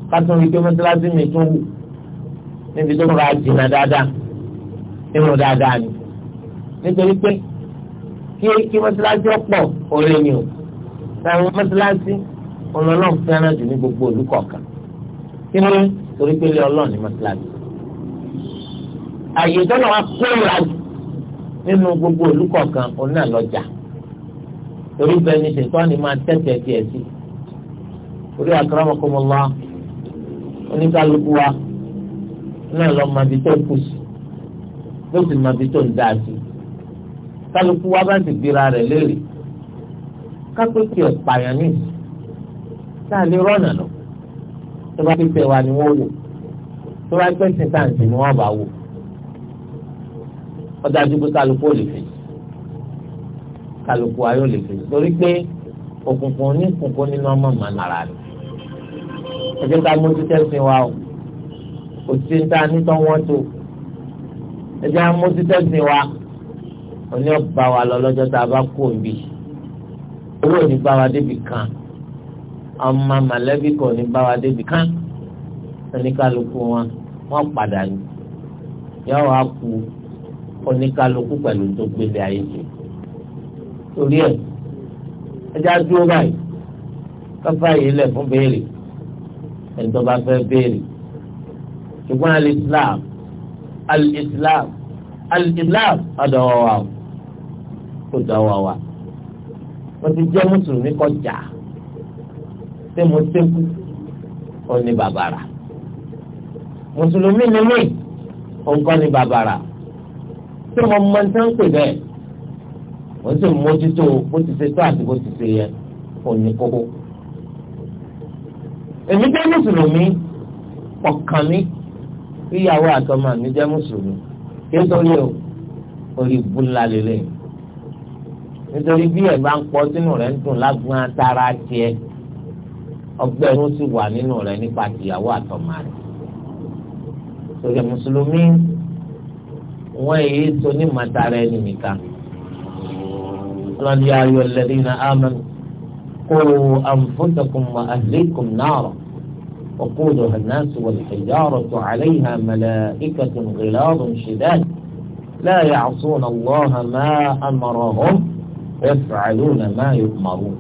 ká tún rí pé mọ́tíláṣí mi tún wù níbi tó rà jìnnà dáadáa nínú dáadáa ni nítorí pé kí kí mọ́sálásí ọ̀pọ̀ orí ni o táwọn mọ́sálásí ọlọ́run fẹ́ràn jù ní gbogbo ìlú kọ̀ọ̀kan kí ni torí pé ilé ọlọ́run ní mọ́sálásí. àyè tọ́lọ̀ wa kóra nínú gbogbo ìlú kọ̀ọ̀kan òun náà lọ́jà torí bẹ́ẹ̀ ni ṣètọ́ ni máa tẹ̀tẹ̀ tiẹ̀ sí orí akramakumullah oníkálukú wa náà lọ́ọ́ màbí tó kù sí ló sì màbí tó ń dáa sí kálukú wa bá sì gbéra rẹ̀ léèrè kápẹ́kì ọ̀pààyàn ní sáà lè rọ́nà lọ tó bá pípẹ́ wa ni wọ́n wò tó bá pẹ́ sí ni wọ́n bá wò ọjà dúpẹ́ kálukú ò lè fèsì kálukú ayọ̀ lè fèsì torí pé òkùnkùn oníkùnkùn nínú ọmọ màlára rẹ̀ ẹ jẹ́ ká mójú tẹ́sí wa o kò sí ní ta ní tán wọ́n tó ẹ jẹ́ ká mójú tẹ́sí wa oní ọba wa lọ lọ́jọ́ tá a bá kú òbí owó ò ní bá wa débi kan ọmọ màlẹ́bí kò ní bá wa débi kan oníkálukú wọn wọn padà ní yóò wá ku oníkálukú pẹ̀lú tó gbélé ayé jù torí ẹ̀ ẹjá dúró báyìí káfá yìí lẹ̀ fún béèrè ẹni fẹ́ béèrè ṣùgbọ́n al-Islam al-Islam al-Islam ọ̀dọ̀ wà o kó dánwà wa mo ti jẹ́ mùsùlùmí kọjá tí mo tẹ́kù ó ní bàbàrà mùsùlùmí ni mí òǹkọ́ ní bàbàrà tí mo mọ ní sáà ń pè bẹ́ẹ̀ mo sì mójútó bó ti ṣe tó àti bó ti ṣe yẹ ó ní kókó èmi jẹ́ mùsùlùmí ọ̀kan mi ìyàwó àtọmọ mi jẹ́ mùsùlùmí kí n tó lé o orí búlá lélẹ́yìn. nítorí bí ẹ̀ bá ń pọ̀ sínú rẹ̀ ń dùn lágbọ́n atara tiẹ̀ ọgbẹ́ ló sì wà nínú rẹ̀ nípa tìyàwó àtọmọ rẹ̀ sọ̀rọ̀ mùsùlùmí wọ́n èyí tó ní màtara ẹni nìkan lọ́dí ayọ̀ lẹ́dí na amẹ́nu kó anfusakum mọ ahlikum náà وقودها الناس والحجارة عليها ملائكة غلاظ شداد لا يعصون الله ما أمرهم yaf'aluna ma yu'marun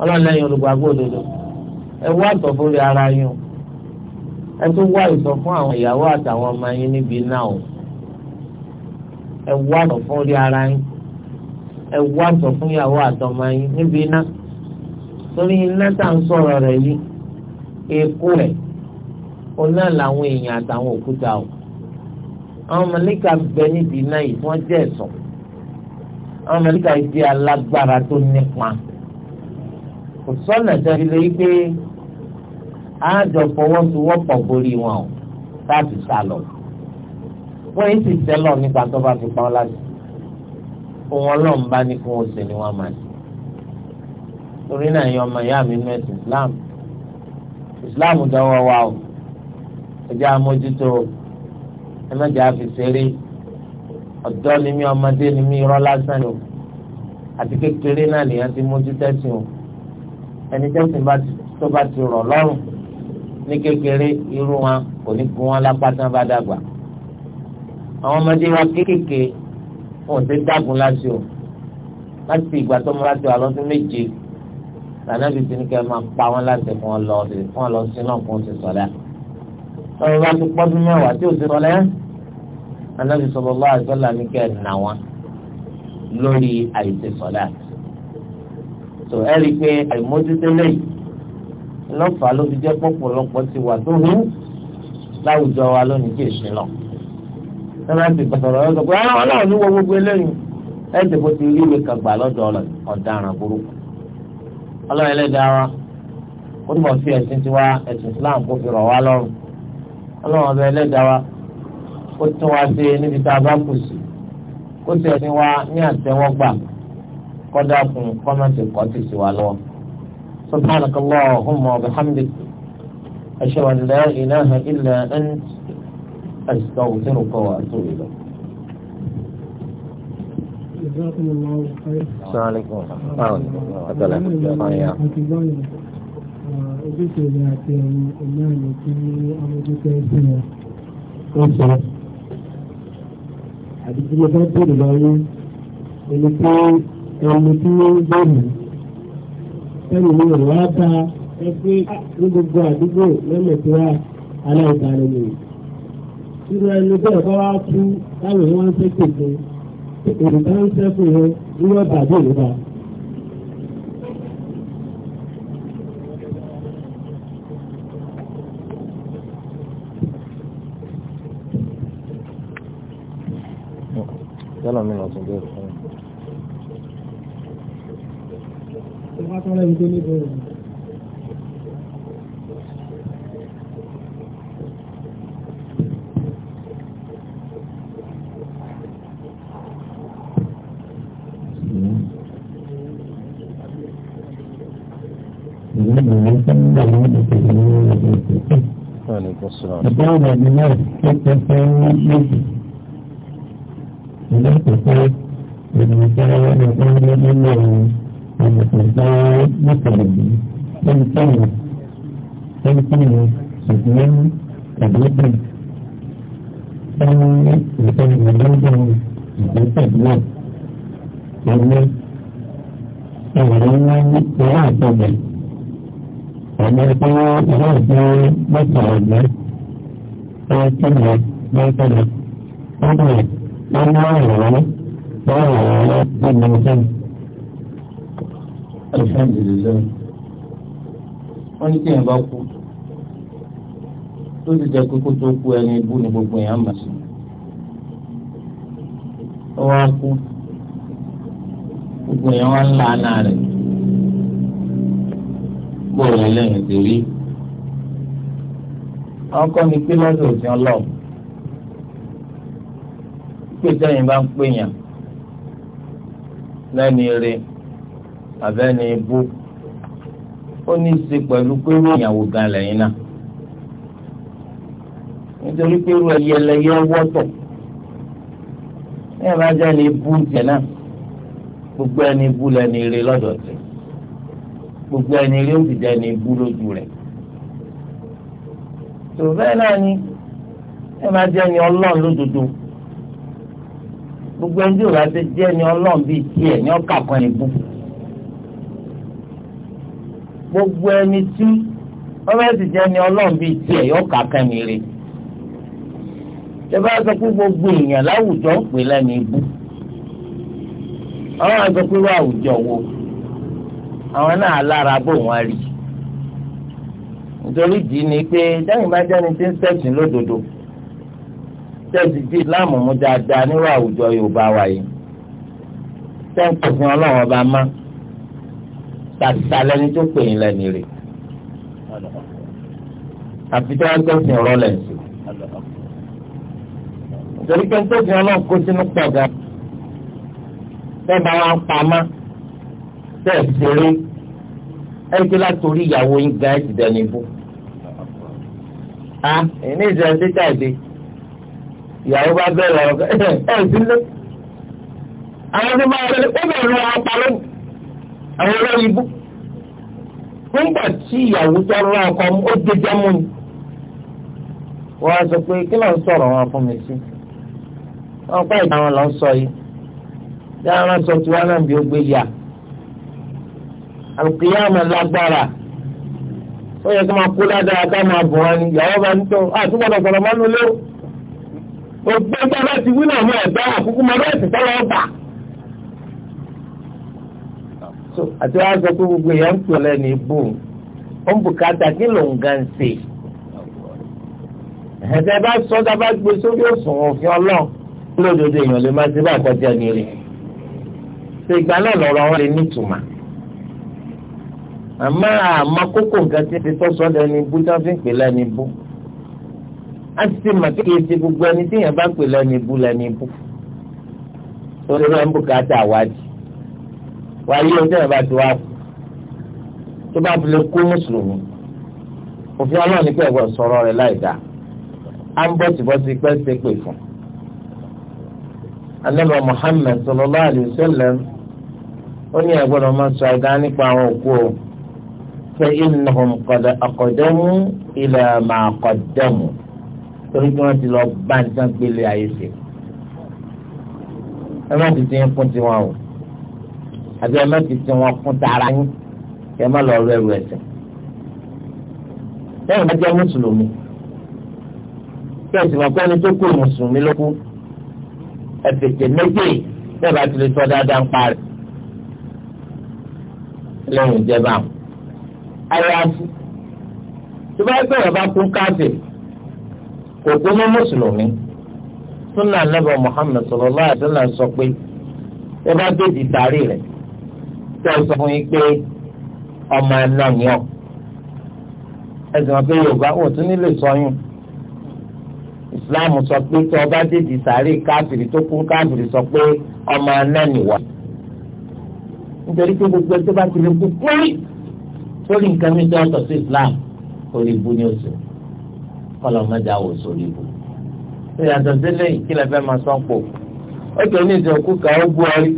ọlọ́run lẹ́yìn olùgbàgbọ́ òdodo ẹ wá àtọ̀fórí ara yín ẹ tún wá ìsọ fún àwọn ìyàwó àtàwọn ọmọ yín níbi náà o ẹ wá àtọ̀fórí ara yín ẹ wá àtọ̀ fún ìyàwó àtọmọ yín níbi náà torí iná tá à ń sọ̀rọ̀ rẹ̀ yìí èkó rẹ̀ òun náà làwọn èèyàn àtàwọn òkúta o àwọn mọ̀lẹ́kà bẹ níbi náà yìí wọ́n jẹ́ ẹ̀sọ̀ àwọn Amẹ́ríkà yìí jẹ́ alágbára tó nípa kò sọ́nà tẹ́lẹ̀ lé yí pé àjọ fọwọ́sowọ́pọ̀ borí wọn o láti sá lọ wọ́n yìí sì sẹ́lọ̀ nípa tó bá fi pa ọ́ láti òun ọlọ́run bá ní fún oṣù ni wọ́n máa ṣe torí náà yan ọmọ ìyá mi nínú ẹ̀sìn Islam Islam dánwọ́ wa o ẹ̀jẹ̀ amójútó ẹ̀mẹ́jẹ̀ àfi ṣeré ọ̀dọ́ ni mí ọmọdé ni mí irọ́ lásán o àti kékeré náà nìyẹn ti mójú tẹ́sìn o ẹni tẹ́sìn tó bá ti rọ̀ lọ́rùn ní kékeré irú wọn kò ní gun wọn lápá tí wọn bá dàgbà àwọn ọmọdé wa kéékèèké wọn ò ti dàgùn láti o láti ìgbà tó mú láti wà lọ́dún méje lànàbí ti ní kẹ́ máa pa wọn láti fún ọ lọ sí fún ọ lọ sí náà fún ọ sí sọ̀lá lọ́wọ́ bá ti pọ́dún mẹ́wàá tí ò sí sọ̀lá anábì sallallahu alaihi wasallam ní kẹ́ nà wọn lórí àìsè sọ̀lá tó ẹ rí i pé àìmójútélé lọ́fà ló fi jẹ́ pọ̀pọ̀lọpọ̀ ti wà tó hù láwùjọ wa lónìí kì í lọ. Nínú àti ìpàtàkì ọ̀rọ̀ pé àwọn ah, ọlọ́run ní wo gbogbo eléyìí ẹ̀ ti ti rí ìwé kan gbà lọ́dọ̀ burúkú. Ọlọ́run ẹlẹ́dàá wa ó ní mọ̀ fi ẹ̀sìn tiwa ẹ̀sìn Islam kó fi rọ̀ wá lọ́rùn. Ọlọ́run ọba ẹlẹ́dàá wa kó tún wá sí níbi tá a bá kù sí kó tẹ̀ ní wá ní àtẹ́wọ́gbà kọ́dà kún kọ́mẹ́ntì kọ́tì sí wa lọ́wọ́. سبحانك اللهم وبحمدك أشهد أن لا إله إلا أنت أستغفرك وأتوب إليك جزاكم الله خير السلام عليكم ورحمة ojúṣe ilé àti tí mo fẹ́ bèrè lọ́wọ́ ẹni tó ẹni tí ó ń bẹ̀rù ẹni mi ò wá bá ẹgbẹ́ ní gbogbo àdúgbò lọ́nà tó wà aláìsàlẹ̀ mi. irú ẹni bẹ́ẹ̀ bá wá kú láwọn èèyàn ń fẹ́ pèsè èrò bá ń fẹ́ fún wọn ní wọ́n bàjẹ́ ìlú tẹ́lọ̀ mi lọ́sùn bẹ́ẹ̀ rẹ̀ fún mi. Aleykum selam. Ìdáhùn àdínlẹ̀ tó tẹ́tẹ́ méjì alákòókò ènìyàn tó wọ́n ní ọdún ní nínú ọ̀nà tó bá nípìnlẹ̀ yìí ẹnikẹ́ni ẹnikẹ́ni ṣùgbọ́n ẹ̀dọ́gbọ̀n ẹni ìtàn ìlọ́gbọ̀n ìgbésẹ̀dúnà ẹni ẹ̀rọ ńlá ní ìwà àtọ̀gbẹ̀ ọ̀nà tó ìwà àtọ̀gbẹ̀ mẹ́ta ọ̀gbẹ́ ẹ̀ẹ́kẹ́ni ẹ̀ẹ́kẹ́ni ọ̀gbẹ̀. wọ́n wá rẹ̀ wọ́n rẹ̀ wọ́n bí mo fẹ́. alhamdulilayi wọ́n bá kú tó ti jẹ́ kókó tó kú ẹni bú ni gbogbo yẹn á mà sí. ó wá kú gbogbo yẹn wá ń la ana rẹ̀ bóòlù lẹ́yìn rí. ọkọ ni pé sẹ́yìn bá ń pèèyàn lẹ́ni ire àbẹ́ni ibú ó ní í ṣe pẹ̀lú pé ìyàwó gan lẹ́yìn náà nítorí pé irú ẹyẹlẹyẹ wọ́tọ̀ ẹ máa jẹ́ ní ibú jẹ náà gbogbo ẹni ibú lẹ́ni ire lọ́dọ̀ tẹ̀ gbogbo ẹni ire ó sì jẹ́ ibú lójú rẹ̀ tòun bẹ́ẹ̀ náà ni ẹ máa jẹ́ ọlọ́run lódodo. gbogbo ẹni tí ò bá ti jẹ ni ọlọ́run bíi ni ọkà kan ní gbogbo ẹni tí ọba ti jẹ ni ọlọ́run bíi tiẹ̀ yọ ọkà kan ní sọ pé gbogbo èèyàn láwùjọ ń pè wo àwọn náà lára bò wọ́n rí nítorí dì í ni pé bá tẹ́sí di islam mú dáadáa nírú àwùjọ yorùbá wa yìí tẹ́ǹkì fún ọlọ́run ọba má tàtàlẹ́ni tó pè yín lẹ́ni rè àfi tí wọ́n tẹ́sí ọ̀rọ̀ lẹ̀ sí. nítorí pé tẹ́sí ọlọ́run kó sínú pọ̀ gan tẹ́ẹ̀bá wọn pamá tẹ́ẹ̀sẹ̀rẹ́ ẹ̀ńkí látòrí ìyàwó yín gan ẹ̀sì dẹni bú. a ah, ìní ìṣẹ́ títà ìdí ìyàwó bá bẹ̀rẹ̀ ọ̀gá ẹ̀ sílé. àwọn tó máa wọlé ó bẹ̀rẹ̀ lọ́wọ́ apalọ́ àwọn olórí ibú. nígbà tí ìyàwó tó rán ọkọ mu ó dé jámú ni. wọ́n á sọ pé kí ló ń sọ̀rọ̀ wọn fún mi sí. wọ́n pa ìgbà wọn lọ sọ yìí. bí wọ́n sọ tiwa náà bí ó gbé yà. àlùkìyàmọ̀ lágbára ó yẹ kí wọ́n máa kó ládàá ká máa bọ̀ wọn ni ìyàwó bá ń tọ́ àtúbọ̀dọ̀ sọ̀rọ̀ mọ́nú lé ògbé gbọ́dọ̀ ti wí náà ní ọ̀dọ́ àkókò máa bẹ́ẹ̀ sì tọ́lọ́ ọ̀gbà. àti wàá sọ pé gbogbo èèyàn ń pè ọ́ lẹ́nu ibò ó ń bùkátà kí ló ń gan ṣe. ẹ̀sẹ̀ bá sọ dábà gbé sórí òṣùwọ̀n òfin ọlọ́run lódodo èèyàn lè máa ṣe bá àkọjá ní rè. ṣe ìgbà náà lọ́rọ̀ wọn lè nítumà. àmọ́ àmọ́ kókó nǹkan ti ti tọ́ sọ́dọ̀ ẹni ibú a ti ti mà kéèké ti gbogbo ẹni tí èèyàn bá pè lẹ́nu ibú lẹ́nu ibú torí náà ń bùkátà àwádìí wàá yí ohun tí èèyàn bá ti wá kú tó bá fi lè kú mùsùlùmí òfin ọlọ́run ní pé ẹ̀gbọ́n sọ̀rọ̀ rẹ̀ láì dáa á ń bọ̀tìbọ̀tì pẹ́ ṣe pè fún un. Ànábì Muhammad sallallahu ó ní ẹ̀gbọ́n ọmọ sọ ẹ̀dá nípa àwọn òkú o fa innahum qad aqdamu ila torí kí wọ́n ti lọ bá nǹkan gbélé ayé ṣe ẹ má ti tiẹ̀ fún tiwọn o àti ẹ má ti tiwọn fún tara yín ẹ má lọ rẹ ẹrù ẹ̀ṣẹ̀ lẹ́yìn bá jẹ́ mùsùlùmí kí ẹ sì mọ̀ pé ẹni tó kú mùsùlùmí ló kú ẹ tètè méjì bẹ́ẹ̀ bá ti lè sọ dáadáa ń parí lẹ́yìn ìjẹba àwọn. àyàfi tí bá yẹ pé ọ̀rọ̀ bá kún káàtì. kò tó ní mùsùlùmí sunna anabi muhammed sallallahu alaihi sọ pé ẹ bá gbèdì tàrí rẹ tẹ ẹ sọ fún yín pé ọmọ ẹnà ni ẹ sì pé yorùbá wò tún sọyún islam ọmọ gbogbo bá ti lè kú mi sí islam kò lè bu ní oṣù. kọlọ mẹ́ta wò sórí ibù ìyàtọ̀ sílẹ̀ ìkílẹ̀ fẹ́ máa sọ́n pò o tó ní ìsìn òkú kan ó bú ọrí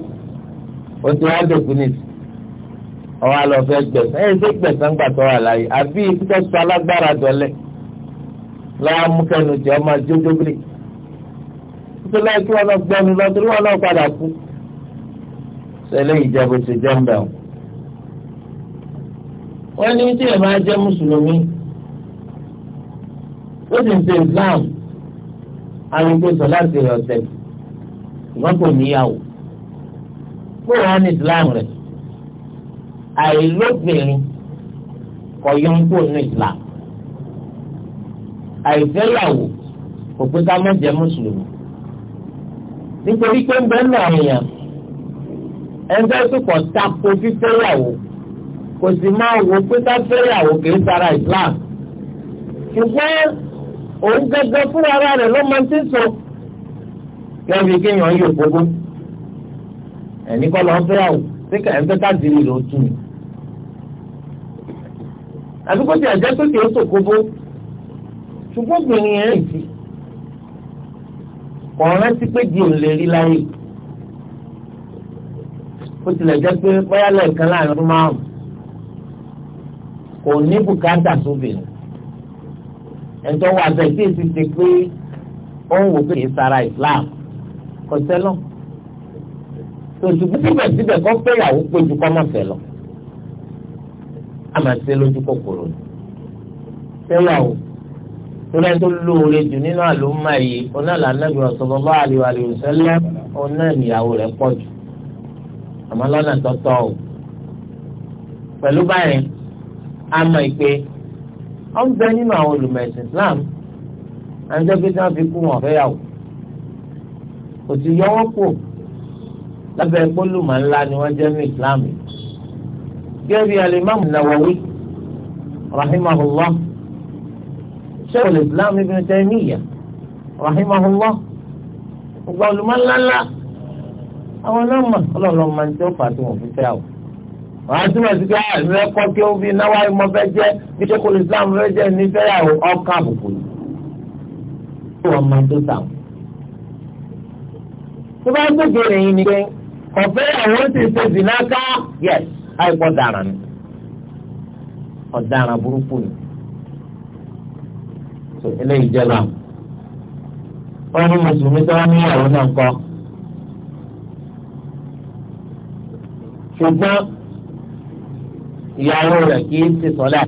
o ti wá dòkú ní ìsìn ọwọ́ àlọ́ fẹ́ gbẹ̀sán ẹ̀ ṣé gbẹ̀sán gbà tọ́ àlàyé àbí ìtúkọ́ sọ alágbára dọ̀lẹ́ lọ́wọ́ amúkẹ́nu jẹ́ ọmọ jójógbé nítorí kí wọ́n lọ gbẹnu lọ torí wọ́n lọ padà kú sẹ́lẹ̀ ìjẹ́bù ti jẹ́ ń bẹ̀rù wọ́n ní tí ẹ̀ máa jẹ́ mùsùlùmí ó sì ń ṣe Islam arúgbó sọ láti rẹ ọ̀sẹ̀ ìwọ́n kò níyàwó kó wọ́n ní Islam rẹ̀ àìlóbìnrin kò yọ ń kó ní Islam àìfẹ́yàwó kò pé ká má jẹ́ mùsùlùmí nítorí pé ń bẹ́ẹ̀ náà yẹn ẹgbẹ́ tó kọ̀ tako fífẹ́yàwó kò sì máa wò pé ká fẹ́yàwó kì í sara Islam ṣùgbọ́n òun gẹ́gẹ́ fún ara rẹ̀ ló máa ti ń sọ lẹ́bi kéèyàn yóò gbogbo ẹ̀ní kọ́ lọ́ọ́ fẹ́ àwò ṣé kẹ́hìn fẹ́ káàdìrì ló tún mi. àdúgbò tí àjẹ́ pé kìí sọ gbogbo ṣùgbọ́n obìnrin yẹn rìn sí kò rántí pé di òun lè rí láyè ó tilẹ̀ jẹ́ pé bóyá lẹ́ẹ̀kan láàrin ọdún márùn-ún kò ní bùkátà sóbìnrin ẹjọ́ wà bẹ́ẹ̀ tí èsì ti pé ó ń wò pé kì í sara Islam kò sẹ́lọ̀ tòṣùgbọ́n síbẹ̀síbẹ̀ kọ́ pé ìyàwó péjú kọ́mọ̀fẹ́ lọ àmà ṣe lójú kòkòrò sẹ́wà o tóra tó lóore jù nínú àlùmọ́ yìí ọ̀nà làánàbí sallallahu alaihi wa sallam ọ̀nà ìyàwó rẹ̀ pọ̀ jù àmọ́ lọ́nà tọ́tọ́ o pẹ̀lú báyìí a mọ̀ pé ọ̀n bẹ nínú àwọn olùmọ̀ẹ̀sìn Islam àǹjẹ́ pé tí wọ́n fi kú wọn fẹ́ yàwó kò sì yọ wọ́n kù lábẹ́ gbólùmọ̀ ńlá ni wọ́n jẹ́ ní Islam gẹ́gẹ́ bí alimami Nawawi rahimahullah sheikh islam ibn Taymiyyah rahimahullah gbogbo olùmọ̀ ńláńlá àwọn náà mọ̀ ọlọ́run máa ń tẹ́ ọ̀fà tí wọ́n fi fẹ́ àwọn wàá túmọ̀ sí pé àìsàn ẹ̀kọ́ kí ó fi náwó àìmọ́ fẹ́ jẹ́ bí sẹ́kùn Islam fẹ́ jẹ́ nífẹ̀ẹ́yàwó ọkàn àbùkù tó bá gbèsè lẹ́yìn ni pé ọ̀fẹ́ àwọn ti ṣe zìnnáká yes àìpọ̀ dàrán ni ọ̀daràn burúkú ni. eléyìí jẹ́ náà wọ́n ní mùsùlùmí tó wá níyàwó náà kọ́ ṣùgbọ́n ìyàwó rẹ̀ kì í ṣe sọ́lá.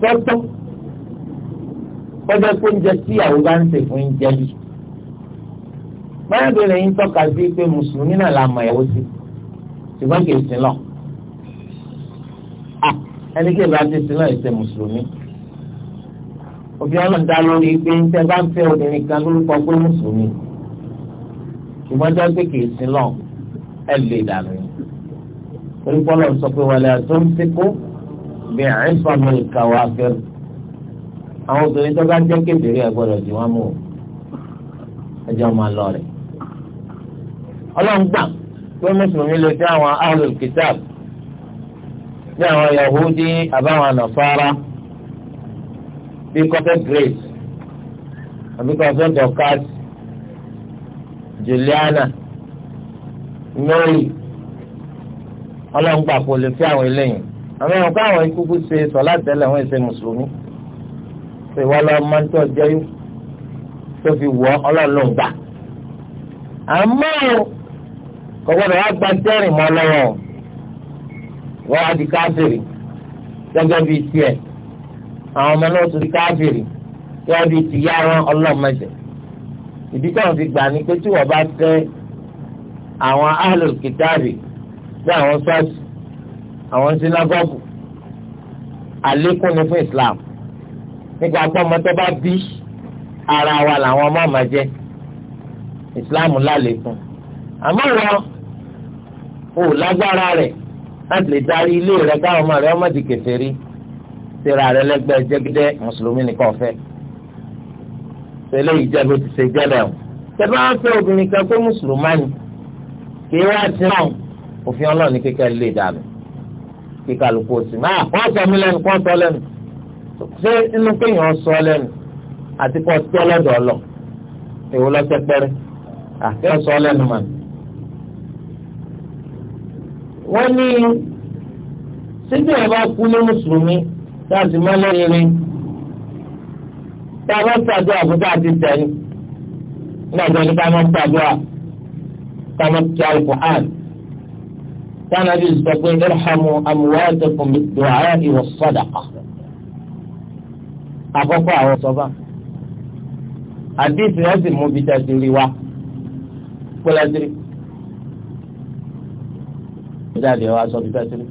tọ́tọ́ kọjá pé oúnjẹ tí ìyàwó bá ń sè fún oúnjẹ yìí. báyọ̀bẹ̀rẹ̀ yín tọ́ka sí pé mùsùlùmí náà la mọ̀ ẹ̀wọ́ sí ṣùgbọ́n kì í sin lọ. ẹni kí ìbá ti sin lọ ìṣe mùsùlùmí. òfin ọlọ́ọ̀dá lórí pé ń tẹ́ bá ń fẹ́ obìnrin kan lórúkọ pé mùsùlùmí. ṣùgbọ́n jẹ́ pé kì í sin lọ ẹ̀ lè dànù torí pọ́lọ̀ sọ pé wàlẹ́ àtúntìkú bí àìsànù ìkàwé afẹ́rù àwọn obìnrin tó bá jẹ́ kébèrè ẹ̀ gbọ́dọ̀ jù wọ́n mú o ẹjọ́ máa lọ rẹ̀. ọlọ́ngbà pé mùsùlùmí lè fẹ́ àwọn ahlul kitab bí àwọn yahudi àbáwọn nàfàrà bí kọ́fẹ́ grace àbí kọ́fẹ́ dorcas juliana mary ọlọ́run gbà kó lè fi àwọn eléyìí àmọ́ ìwọ̀n káwọn ikúkú ṣe sọ látẹ̀lẹ̀ wọn ṣe mùsùlùmí ṣe wọ́n lọ máa ń tọ́ jẹ́yú tó fi wọ́ ọlọ́run ló ń gbà. àmọ́ kò gbọ́dọ̀ wá gba tẹ́rìn mọ́ lọ́wọ́ wọ́n á di káfìrì gẹ́gẹ́ bíi tiẹ̀ àwọn ọmọ náà tún di káfìrì gẹ́gẹ́ bíi ti yára ọlọ́mọdé ìdí táwọn fi gbà ní pé tí wọ́n bá tẹ́ àwọn ahlul kitabi bí àwọn ṣọ́ọ̀ṣì àwọn sinagogu àlékún ni fún Islam nígbà pé ọmọ tó bá bí ara wa làwọn ọmọ àmà jẹ Islam lálékún àmọ́ wọn ò lágbára rẹ̀ láti lè darí ilé rẹ̀ káwọn ọmọ rẹ̀ ọmọdé kèfèrí sera rẹ̀ lẹ́gbẹ́ jẹgídẹ́ mùsùlùmí nìkan fẹ́ tẹ́lẹ̀ ìjẹbù ti ṣe jẹlẹ o tẹ́lẹ̀ wọn fẹ́ obìnrin kan pé mùsùlùmá ni kì í wá sí náà òfin ọlọ́run ní kíkẹ́ lè dànù kíkà lóko sí máa wọ́n sọ mí lẹ́nu wọ́n sọ lẹ́nu ṣé inú kéèyàn sọ lẹ́nu àti kọ́ tẹ́ lọ́dọ̀ ọlọ èwo lọ́sẹ̀ pẹ́rẹ́ àkẹ́wọ́ sọ lẹ́nu mà. wọ́n ní síbi ẹ̀ bá kú ní mùsùlùmí láti mọ́ lẹ́yìnrín tá a bá ṣàdúrà àbújá àti tẹ̀yìn ní àjọ ní ká máa ṣàdúrà ká máa kí alùpùpù àná. كان أبي الزبين ارحموا أمواتكم بالدعاء والصدقة àkọ́kọ́ àwọn sọ́ba àdìsí wọn sì mú bíi tẹ̀sírí wa kólẹ́sírí ìdáde wa sọ bíi tẹ̀sírí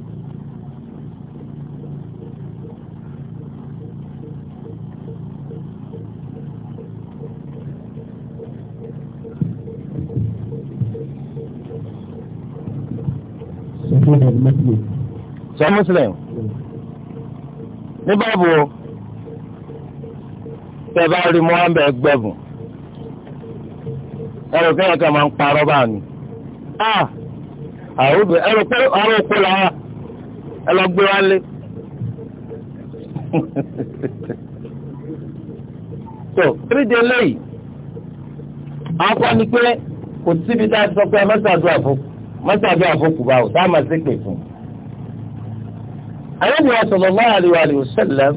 sọ muslim ní báàbò tẹ bá rí muhammed gbẹbùn ẹrù kẹyìn kan máa ń parọ́ báà ni àwùjọ ẹrù pé ọ̀rọ̀ òkú la wà ẹ lọ gbé wálé so three lẹ́yìn akọ ni pé kò síbi tá a sọ pé mẹsàdúrà fún mẹsàdúrà fún kùbà ò tá a máa ṣépè fún àyẹ̀wò sallallahu alaihi wa sallam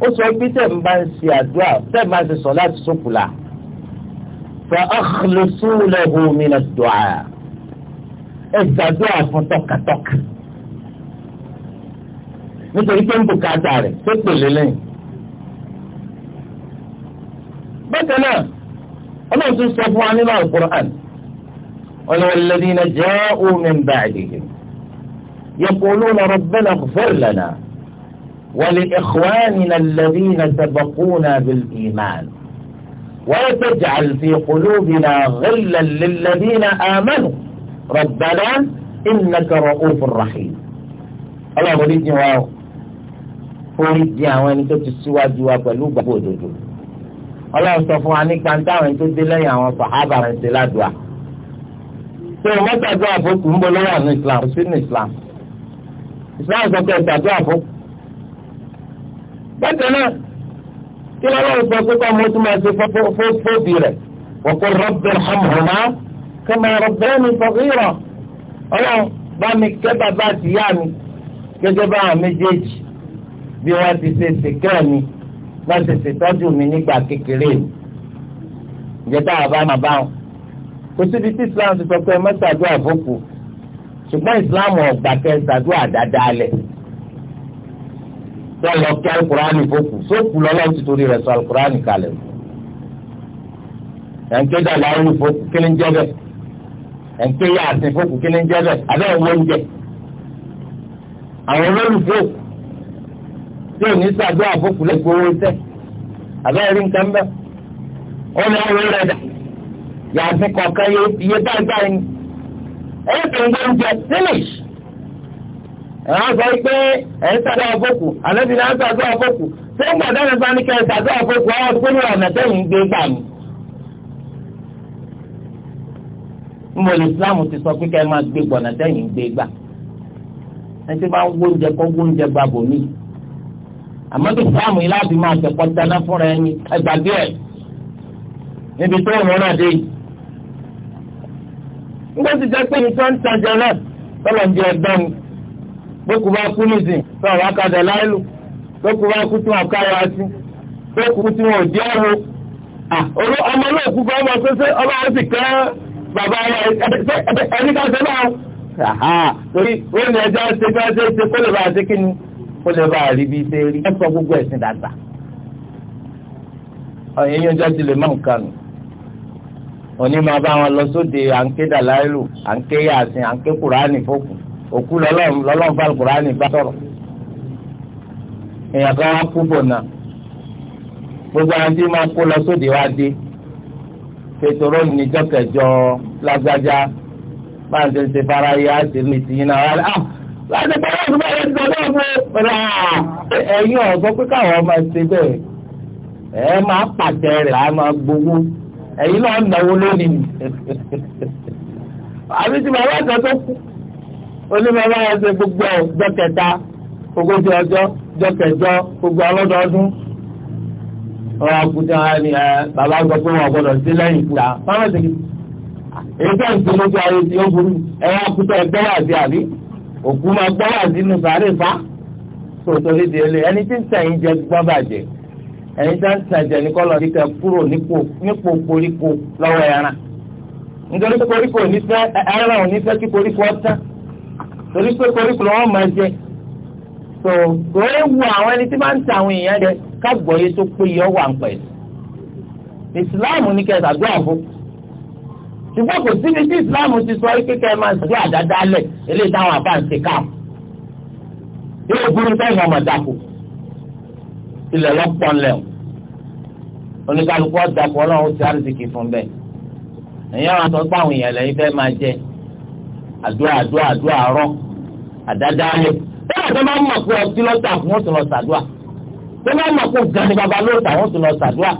ó sọ pé tẹ̀ ń bá ń ṣe àdúrà tẹ̀ ń bá ń ṣe salati sókùlà fa akhlisu lahu min ad-du'a ẹ gbàdúrà fún tọkàtọkà nítorí pé ń bò káàtà rẹ̀ tó pèlè lẹ́yìn. bákan náà ọlọ́run tún sọ fún wa nínú Al-Qur'an ọlọ́run alladhina ja'u min ba'dihim. يقولون ربنا اغفر لنا ولإخواننا الذين سبقونا بالإيمان ولا تجعل في قلوبنا غلا للذين آمنوا ربنا إنك رؤوف رحيم الله يريد واو forí di àwọn ẹni tó ti síwájú wa pẹ̀lú gbàgbọ́ òdodo ọlọ́run sọ fún wa nípa táwọn ẹni tó dé lẹ́yìn àwọn sàhábà rẹ̀ ṣe ládùá. ṣé o mọ́tàdúrà fún kùnbó lọ́wọ́ àánú islam kò sínú islam ìsìláàmù sọ pé ẹ̀sà tó àfọ́. bákan náà kí ló lọ́wọ́ sọ pé káwọn mọ́tò máa ṣe fọ́bì rẹ̀ wọ́n kó rọ́bẹ̀ hàmùhàmá kẹ́mẹ́ rọ́bẹ̀ mi fọ́kìrọ̀ ọlọ́run bá mi kẹ́ bàbá àti ìyá mi gẹ́gẹ́ bá àwọn méjèèjì bí wọ́n ti ṣe ṣèkẹ́ mi bá ṣe ṣètọ́jú mi nígbà kékeré mi ìjẹta àbá màbá wọn kò síbi tí Islam ti sọ pé mẹ́tàdúrà fọ́kù ṣùgbọ́n ìsìláàmù ọ̀gbà kẹsàdúrà dáadáa lẹ̀ wọ́n lọ kí alukurani fòkù sókù lọ́lọ́run ti torí rẹ̀ sọ alukurani kalẹ̀ ẹ̀ńkẹ́ dàlá ọ̀run fòkù kí ni ń jẹ́ bẹ́ẹ̀ ẹ̀ńkẹ́ yá àti fòkù kí ni ń jẹ́ bẹ́ẹ̀ abẹ́ ìwọ oúnjẹ àwọn olólùfẹ́ tí ò ní sàdúrà fòkù lẹ́gbẹ̀ẹ́ owó sẹ́ abẹ́ rí nǹkan bẹ́ẹ̀ ó ní àwọn ẹ̀rẹ́dà yàtí kọ̀ọ̀kan yé dáadáa yìí. ẹ̀yìn kì í gbé oúnjẹ finish sọ pé ẹ̀ ń sàdá ọ̀fọ́kù àlẹ́bí náà ń sàdá ọ̀fọ́kù ṣé ń gbàdá nípa ní kẹ́ ẹ̀ sàdá ọ̀fọ́kù ọ̀nà tẹ́yìn gbé sọ pé ẹ máa gbé gbọ̀nà tẹ́yìn gbé gbà ẹ ti máa ń kọ́ gba àmọ́ bí yìí láti máa tẹ̀kọ́ dáná fúnra ẹni ẹgbàgbé ẹ̀ nígbà tí jẹ́ pé nìkan ń tajà náà tọ́lọ̀ ń jẹ ẹgbẹ́ mi bókù bá kú nìsín tó àwọn akadà láìlú bókù bá kú tí wọn ká wa sí bókù tí wọn ò jẹ́ ọ̀rọ̀ ọ̀rọ̀ ọmọ náà kú kọ́ ọmọ sọ́sẹ́ ọmọ rẹ̀ sì kẹ́ bàbá ẹni ká ṣe náà torí wọ́n ní ẹjọ́ ṣe fẹ́ ṣe ṣe kó lè bá ṣe kí ni kó lè bá rí bí ṣe rí ẹ sọ gbogbo ẹ̀sìn dàgbà ọ̀yẹ́yẹ́ ọjọ́ ti lè má nǹkan nù òní máa bá wọn lọ sóde à ń ké dàláìlù à ń ké yàsìn à ń ké kùránì fòkù òkú lọ́lọ́run bá kùránì bá sọ̀rọ̀ èèyàn kan wá kú bò náà gbogbo àwọn tí máa kó lọ sóde wá dé pétérò níjọ́ kẹjọ lágbájá máa ń ṣe ń ṣe fara yá sí mi sí iná wá rẹ láti pẹ́ láti bá yẹn sọ náà fún ọ̀la ẹ̀yin ọ̀gbọ́n pé káwọn máa ṣe bẹ́ẹ̀ ẹ máa pàtẹ rẹ̀ á máa gbowó ẹ̀yin náà ń náwó lónìí ni àbí tí bàbá àgbà tó kú onímọ̀ọ́lá yẹn ṣe gbogbo ọjọ́ kẹta ogójì ọjọ́ ọjọ́ kẹjọ gbogbo ọlọ́dọọdún ọ̀rọ̀ àkùtà ni bàbá gbọ́ pé wọn gbọ́dọ̀ sí lẹ́yìn ìkúra báwọn ti èyí tó ń ti lójú ayé tí ó burú ẹ̀rọ àkùtà ẹgbẹ́ wà sí àbí òkú máa gbọ́ wà sínú sàárè fa tòtòrí délé ẹni tí ń sẹ̀yìn jẹ gbọ́ bàjẹ́ ẹ̀yin tá ń tajà ní kọ́lọ̀ ní ká kúrò nípò nípò koríko lọ́wọ́ ẹran nítorí pé koríko ò ní fẹ́ ẹran ò ní fẹ́ kí koríko ọ̀tá torí pé koríko lọ́wọ́ máa jẹ tó tó é wu àwọn ẹni tí máa ń ta àwọn èèyàn jẹ kágbọ̀ọ́yé tó péye ọ̀wà ń pẹ̀lú ìsìláàmù ní kẹsà àdúrà fún ṣùgbọ́n kò síbi tí ìsìláàmù ti sọ wípé kẹ́ ẹ máa ṣàdúrà àdádálẹ̀ eléyìí táwọn àbá ń ṣe káàmù yóò burú sẹ́yìn ọmọ dàkú ilẹ̀ lọ́pọ̀n lẹ̀ oníkálukú ọ̀dàpọ̀ náà ó ti àrísìkì fún bẹ́ẹ̀ èèyàn àwọn àtọ́gbà àwọn èèyàn lẹ́yìn fẹ́ máa jẹ àdúrà àdúrà àdúrà àárọ̀ àdádálẹ̀ bẹ́ẹ̀ tó máa ń mọ̀ pé ọtí lọ́tà fún oṣù lọ sàdúà tó máa ń mọ̀ pé ọ̀gá ni bàbá lóòtà fún oṣù lọ sàdúà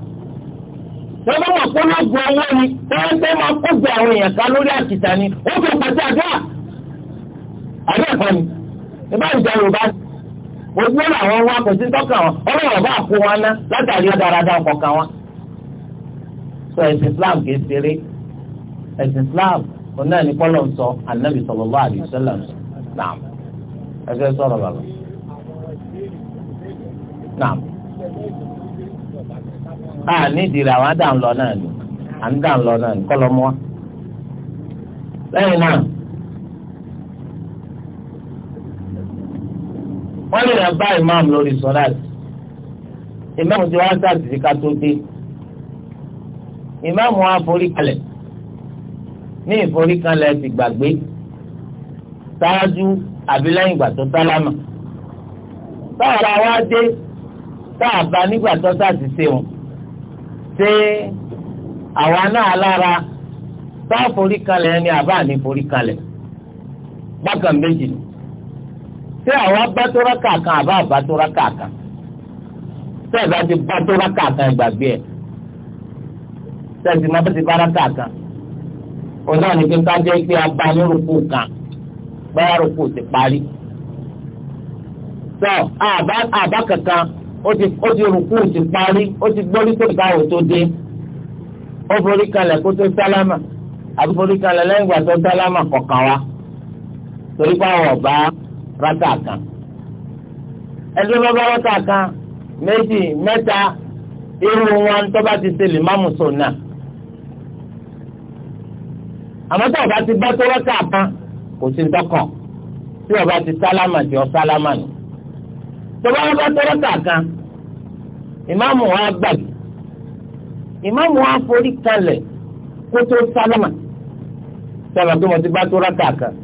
tó máa ń mọ̀ pé ọlọ́gbọ̀n owó ni tẹ́lẹ̀ tẹ́ máa kó gbé àwọn èèyàn ká lórí àkìtà ni ó fi pàṣẹ àdúrà àdúrà kan ni ìbá ìjà Yorùbá ni. owó làwọn ọrụ kò sí tọ́ka wọn ọlọ́run bá kó wọn ná látàrí dáradá kọ̀ọ̀kan wọn. sọ ẹ̀sìn Islam kìí ṣeré ẹ̀sìn Islam òun náà ní kọ́lọ̀ ń sọ ànábì sallallahu alaihi wasallam naam ẹgbẹ́ sọ̀rọ̀ bàbá naam. a nídìí rẹ̀ àwọn àdàǹlọ náà ni lọ náà ni kọ́lọ́ mọ́ lẹ́yìn náà. wọ́n lè bá imam lórí sọ́láàtì imam ti wá sáàtì ká tó dé imam wa forí kalẹ̀ ní ìforí kalẹ̀ ti gbàgbé ṣáájú àbí lẹ́yìn ìgbà tó sálámà táwa wá dé táà bá nígbà tó sáàtì ṣe wọn ṣé àwa náà lára táà forí kalẹ̀ ni àbá ní forí kalẹ̀ bákan méjì ni ṣé àwa bá tó rákà kan àbá àbá tó rákà kan ṣé ìgbà tí bá tó rákà kan ìgbàgbé ẹ̀ ṣé ìgbà tí bá rákà kan òun náà ní kíkà jẹ́ pé abá ní rúkú kan báyà rúkú ti parí tọ́ àbá àbá kankan ó ti ó ti rúkú ti parí ó ti gbórí tó ká òtó dé ó forí kalẹ̀ kó tó sálámà àbí forí kalẹ̀ lẹ́yìn ìgbà tó sálámà kọ̀ọ̀kan wa torí pé àwọn ọ̀bá rákà kan ẹjọ́ bá bá rákà kan méjì mẹ́ta irú wọn tó bá ti ṣe lè má mùsùn náà àmọ́ tí ọba ti bá tó rákà kan kò sí dọ́kàn tí ọba ti sálámà tí ọ sálámà nù tó bá tó rákà kan ìmáàmù wa gbàgbé ìmáàmù wa forí kalẹ̀ kó tó sálámà sábà tó mo ti bá tó rákà kan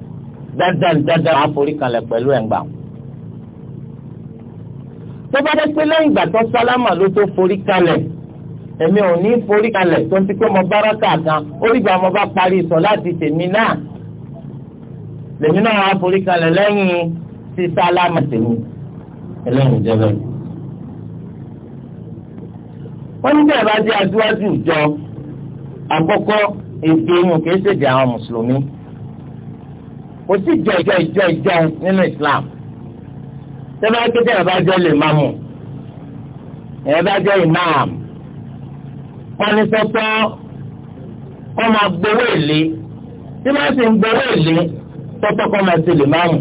dandan dandan máa forí kanlẹ̀ pẹ̀lú ẹ̀ǹgbà. tó bá dé pé lẹ́yìn ìgbà tó sálámà ló tó forí kanlẹ̀ èmi ò ní forí kanlẹ̀ tó ń ti pé mo bára kàkan orígbà mo bá parí sọ láti tèmi náà lèmi náà wàá forí kanlẹ̀ lẹ́yìn sí sálámà tèmi ẹlẹ́yìn ìjọba. wọ́n ní bẹ́ẹ̀ bá jẹ́ aṣíwájú ìjọ àkọ́kọ́ èdè ìhùn kìí ṣèdè àwọn mùsùlùmí kò sí jẹ ìjọ ìjọ ìjọ nínú Islam tẹ́lá kété ẹ̀ bá jẹ́ lè máa mú ẹ̀ bá jẹ́ ìmáàmù panisọ́tọ́ kọ́ máa gbowó èlé tí máa sì ń gbowó èlé tọ́tọ́ kọ́ máa ṣe lè máa mú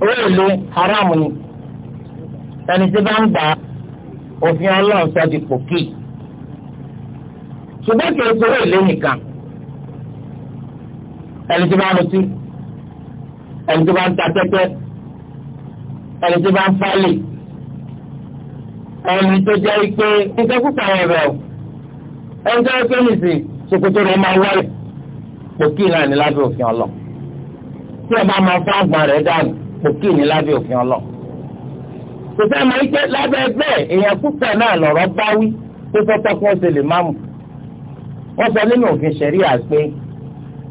owó èlé haram ni ẹni tí bá ń gbà òfin ọlọ́run sọ di pòkì ṣùgbọ́n kì í ṣe owó èlé nìkan ẹni tí bá ń mutí ẹni tí bá ń ta tẹ́tẹ́ ẹni tí bá ń falè ẹni tó jẹ́ pé kíkẹ́ púpọ̀ àwọn ẹ̀rọ ẹni tó jẹ́ pé nìsí ṣòkòtò rẹ̀ máa wáyé pòkì náà ní lábẹ́ òfin ọlọ́ tí ẹ bá máa fọ́ àgbọ̀n rẹ̀ dànù pòkì ní lábẹ́ òfin ọlọ́ kò sẹ́ máa ń jẹ́ lábẹ́ bẹ́ẹ̀ èèyàn púpọ̀ náà lọ̀rọ̀ báwí tó tọ́tọ́ kí wọ́n ṣe lè máàmù wọ́n sọ nínú òfin ṣẹ̀ríà pé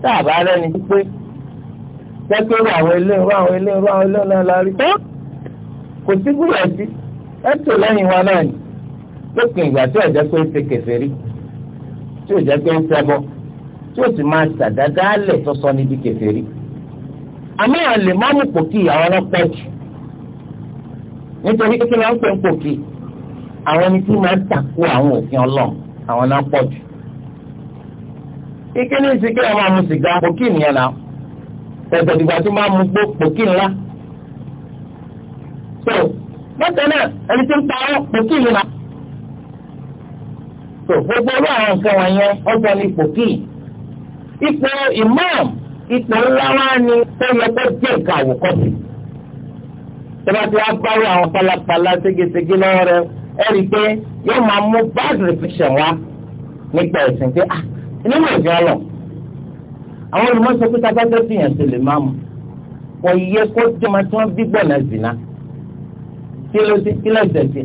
tá a bá rẹ́ni pípé lẹ́kẹ́rù àwọn eléyìí àwọn eléyìí àwọn eléyìí náà la rí tán kò sí búrẹ́dì ẹ̀tọ́ lẹ́yìn wa náà ni lópin ìgbà tí ọ̀jẹ́ pé ń ṣe kẹfẹ́ rí tí ọ̀jẹ́ pé ń ṣẹbọ tí ó sì máa ṣàdádálẹ̀ sọ́sọ́ níbi kẹfẹ́ rí àmì àlè má mú pòkì àwọn ọlọ́pàá jù nítorí kékeré wọn pè ń pòkì àwọn ẹni tí máa ń takò àwọn òfin ọlọ́run àwọn náà jù ike ní ìsìnkú ẹ̀ máa mu sìgá pòkì nìyẹn náà ẹ̀sẹ̀ ìgbà tó máa mu gbó pòkì ńlá. so bákan náà ẹni tí ń parọ́ pòkì nìyẹn náà. so gbogbo olú àwọn nǹkan wọ̀nyẹn ọjọ́ ní pòkì. ipò imam ipò ńlá wá ní tó yẹ kó jẹ́ ìka àwòkọ́sí. tọ́ba tí wàá gbárù àwọn pálapàla ségesège lọ́wọ́ rẹ ẹ̀rí pé yóò máa mú bad reflection wá nípa ẹ̀sìn pé ah nínú ìfẹ́ ọlọ àwọn olùmọ̀sọ pé tábàtẹ́ fi hàn sílẹ̀ máa mú kò yẹ kó tó máa tí wọ́n bí gbọ̀nà zìnà kí ló ti kí lẹ́sẹ̀ tì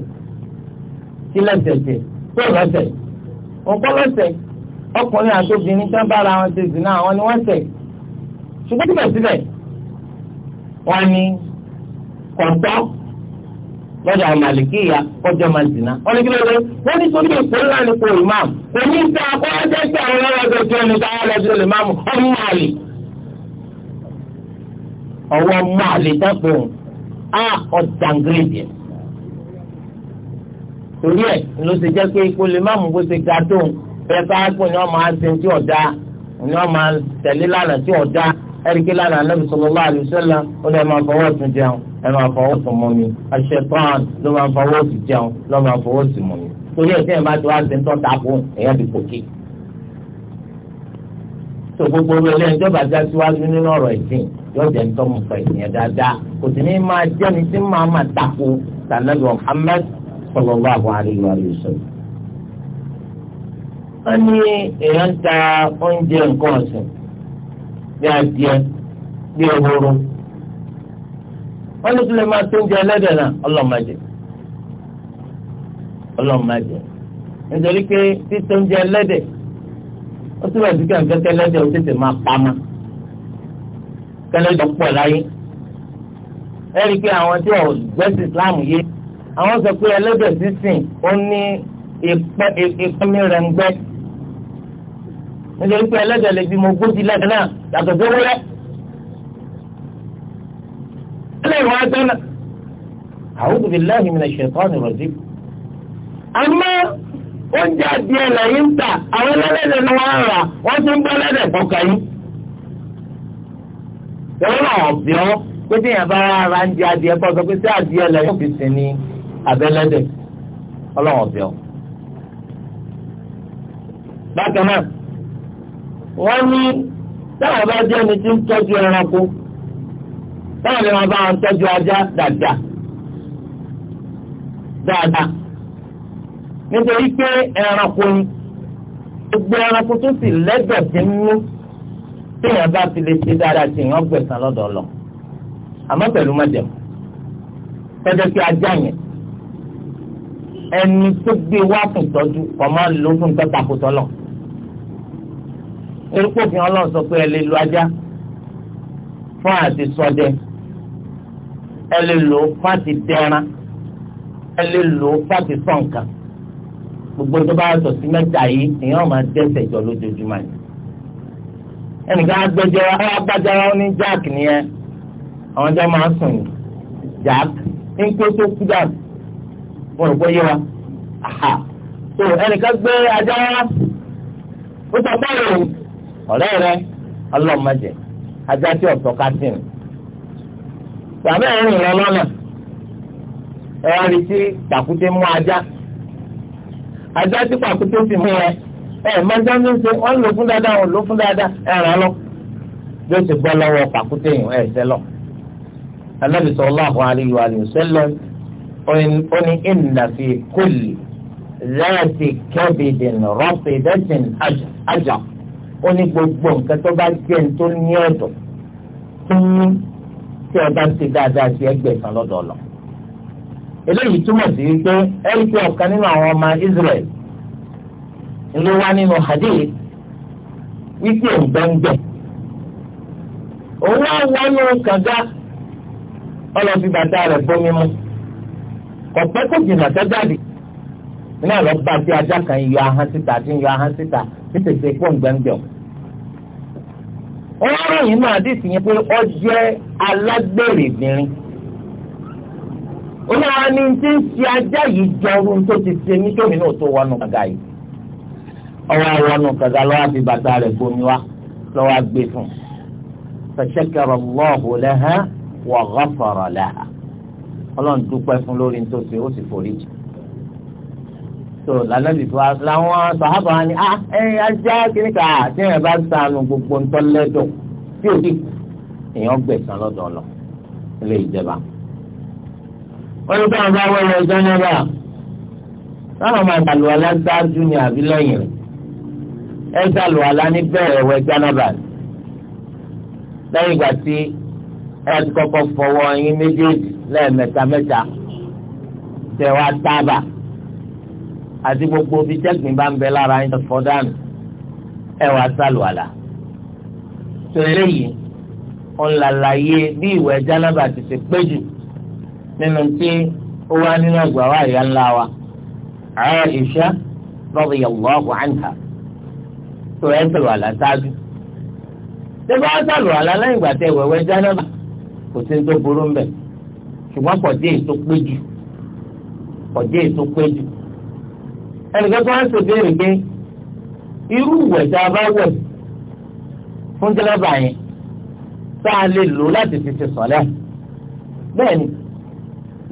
kí lẹ́sẹ̀ tì tó lọ́sẹ̀ nǹkan lọ́sẹ̀ ọkùnrin àti obìnrin tán bára wọn ti zìnà àwọn ni wọ́n sẹ̀ ṣùgbọ́n síbẹ̀síbẹ̀ wọ́n ní kọ̀ọ̀tọ́ lọ́dọ̀ àwọn màlìkíyà kọjọ́ máa zìnà. wọ́n ní kí ló dé wọ́n ní sórí èkó ńlá ni kò rí máàmù kò ní sọ akọ́wọ́ jẹ́ sí àwọn ọlọ́dọ̀ tí wọ́n ní sáwọn ọlọ́dọ̀ lè máàmù ọmọ àlè. ọwọ́ mọ àlè dápò á ọ̀dàngrédìẹ̀. torí ẹ̀ ló ṣe jẹ́ pé ipò lè máàmù bó ṣe ga tó bẹ́ẹ̀ bá gbọ́ ni wọ́n máa ṣe tí ọ̀dà ni wọ́n máa tẹ̀lé lánàá ẹ̀ríkì lánàá anábì sallallahu alaihi wasallam ó ní ẹ máa fọwọ́ ọ̀tún jẹun ẹ máa fọwọ́ ọ̀tún mọ́ mi àṣetán ló máa fọwọ́ ọ̀tún jẹun ló máa fọwọ́ ọ̀tún mọ́ mi torí ẹ̀sìn ẹ̀ máa tó àṣẹ ń tọ́ta kó èèyàn ti pòkè. tó gbogbo rẹ̀ lẹ́yìn ìjọba já síwájú nínú ọ̀rọ̀ ìsìn yóò jẹ́ ń tọ́mù fẹ̀ ìyẹn dáadáa kò sì ní máa jẹ́ni tí máa máa tako sànàbì Muhammad sallallahu alaihi wasallam. wọ́n ní èèyàn ń ta oúnjẹ bí adìẹ bí ehoro wọ́n ní kí lè máa tó oúnjẹ ẹlẹ́dẹ̀ náà ọlọ́mọdé ọlọ́mọdé nítorí pé títí oúnjẹ ẹlẹ́dẹ̀ ó sì wà síkà kẹ́kẹ́ ẹlẹ́dẹ̀ ó tètè máa pamọ́ kẹlẹ́dẹ̀ pọ̀ láyé ẹ rí i pé àwọn tí ò gbẹ́sì Islam yé àwọn sọ pé ẹlẹ́dẹ̀ sísìn ó ní ìpẹ́mí rẹ̀ nítorí pé ẹlẹ́dẹ̀ lè bímọ ogójì lẹ́dẹ̀ náà yàtọ̀ tó wúlẹ̀. ilé ìwọ ẹgbẹ́nà a'udhu billahi minash shaitani rajim. àmọ́ oúnjẹ adìẹ lẹ́yìn ta àwọn ẹlẹ́dẹ̀ ni wọ́n rà wọ́n ti ń bọ́ ẹlẹ́dẹ̀ kọ̀ọ̀kan yìí. ìwọ́n náà ọ̀bí ọ́ pé tí yàrá bá ra ń jẹ adìẹ kọ́ sọ bákan náà wọ́n ní táwọn bá jẹ́ ẹni tí ń tọ́jú ẹranko táwọn lè máa bá wọn tọ́jú ajá dáadáa dáadáa nítorí pé ẹranko ni gbogbo ẹranko tó sì lẹ́gbẹ̀ẹ́ sí ń mú téèyàn bá fi lè ṣe dáadáa sí èèyàn gbẹ̀sán lọ́dọ̀ lọ àmọ́ pẹ̀lú májẹ̀mú tọ́jọ́ pé ajá yẹn ẹni tó gbé wá fún ìtọ́jú kọ́ máa lò fún ìtọ́jú àkótọ́ lọ́wọ́ erékò fi hàn lọ́n sọ pé ẹ lè lo ajá fún àti ṣọdẹ ẹ lè lò ó fún àti dẹran ẹ lè lò ó fún àti sọǹkà gbogbo tó bá yàtọ̀ sí mẹ́ta yìí èèyàn máa dẹ́ṣẹ̀ jọ lójoojúmọ́ ni ẹnìkan agbẹjọ agbájá wọn ní jack nìyẹn àwọn jọ máa sùn ní jack ní tó kú jack wọn rò pé so ẹnìkan gbé ajá wọn ó sọ báyìí. ọ̀rẹ́ rẹ ọlọ́mọdé ajá tí ọ̀tọ̀ ká bàbá ẹ̀ rìn lọ lọ́nà ẹ wá rí sí pàkúté mú ajá ajá tí pàkúté mú ẹ ẹ wọ́n lò fún dáadáa wọ́n lò fún dáadáa lọ bí ti gbọ́ lọ́wọ́ pàkúté yìí sẹ́lọ̀ ó ní ó ní gbogbo nǹkan tó bá jẹ́ ní tó ní ọ̀dọ̀ tó ní tí ọba ń ṣe dáadáa sí ẹgbẹ́ kan lọ́dọ̀ ọ̀lọ́. eléyìí túmọ̀ sí wípé ẹ̀ríkì ọ̀kan nínú àwọn ọmọ Israel ló wá nínú hadith wípé òǹgbẹ́ngbẹ́ òun á wọnú kànga ọlọ́fi bàtà rẹ̀ bómi mu kọ̀pẹ́ kò jìnnà tó jáde iná lọ bá bí ajá kan yọ ahọ́n síta tí ń yọ ahọ́n síta tí tètè pọ̀ gbẹ̀ngbẹ̀ wọ́n ròyìn náà àdìsí yẹn pé ọ jẹ́ alágbèrè bìnrin olùwà ni ti ń fi ajá yìí jọrú tó ti ṣe mí tómi náà tó wọnú kàga yìí ọwọ́ àwọnú kàga lọ́wọ́ àfi bàtà rẹ̀ gbomi wá lọ́wọ́ àgbè fún fashakara Allahu laha wa ghafara laha ọlọ́run dúpẹ́ fún lórí tó ṣe ó sì forí jù so lànàbì tó làwọn sàhábà wa ni ah, a ẹ ajá kiri ká tí ẹ bá sànù gbogbo ntọ́lẹ́dọ̀ tí o ti èèyàn gbẹ̀sán lọ́dọ̀ ọ̀lọ́ ilé ìjẹba. wọ́n ní káwọn bá wọlé ẹjọ́ náà bá táwọn máa dàlù aláṣáájú ni àbí lẹ́yìn rẹ̀ ẹ dàlù alá ní bẹ́ẹ̀ ẹ̀wẹ̀ jánábà lẹ́yìn ìgbà tí ẹ ti kọ́kọ́ fọwọ́ yín méjèèjì lẹ́ẹ̀mẹ́ta mẹ́ta tẹ̀ tábà àti gbogbo bí jẹ́gbìn bá ń bẹ lára yín fọ́ dànù ẹ wàá sàlùwàlà. sọ̀rọ̀ yìí ọ̀làlàyé bí ìwẹ̀ jánábà ti ṣe pé jù nínú tí ó wá nínú ẹgbàá wa ìyá ńlá wa Aisha radiyallahu anha sọ̀rọ̀ ẹ sàlùwàlà ṣáájú. ṣé bá sàlùwàlà lẹ́yìn ìgbà tẹ ìwẹ̀wẹ̀ jánábà kò sí ní tó burú ń bẹ̀ ṣùgbọ́n pọ̀ díẹ̀ tó pé jù pọ̀ díẹ̀ tó pé jù ẹnìkan tó wá ń ṣèbéèrè pé irú ìwẹ̀ tá a bá wẹ̀ fún jẹ́lẹ́bà yẹn tá a lè lò láti fi ṣe sọ̀lẹ́ bẹ́ẹ̀ ni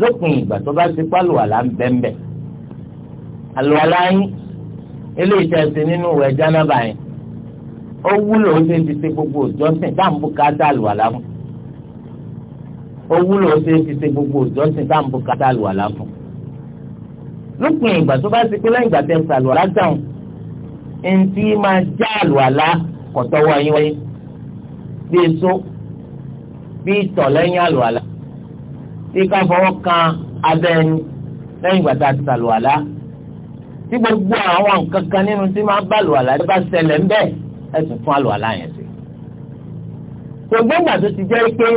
lópin ìgbà tó bá ti pálù àlá ń bẹ́ńbẹ́ àlùwàlá yín eléyìí tẹ̀ sí nínú ìwẹ̀ jẹ́lẹ́bà yẹn ó wúlò ó ṣe ti ṣe gbogbo ìjọsìn tá à ń bùkátà àlùwàlá fún ó wúlò ó ṣe ti ṣe gbogbo ìjọsìn tá à ń bùkátà àlùwàlá lópin ìgbà tó bá ti pé lẹ́yìn ìgbà tẹ́ ń sàlù àlá dáhùn ẹni tí máa já àlù àlá kọ̀tọ́wọ́ yín wáyé bí èso bí ìtọ̀ lẹ́yìn àlù àlá bí ká fọwọ́ kan abẹ́ ẹni lẹ́yìn ìgbà tá a ti sàlù àlá tí gbogbo àwọn nǹkan kan nínú tí máa bá àlù àlá bá ṣẹlẹ̀ ń bẹ̀ ẹ̀sùn fún àlù àlá yẹn sí. kò gbọ́ngbà tó ti jẹ́ pé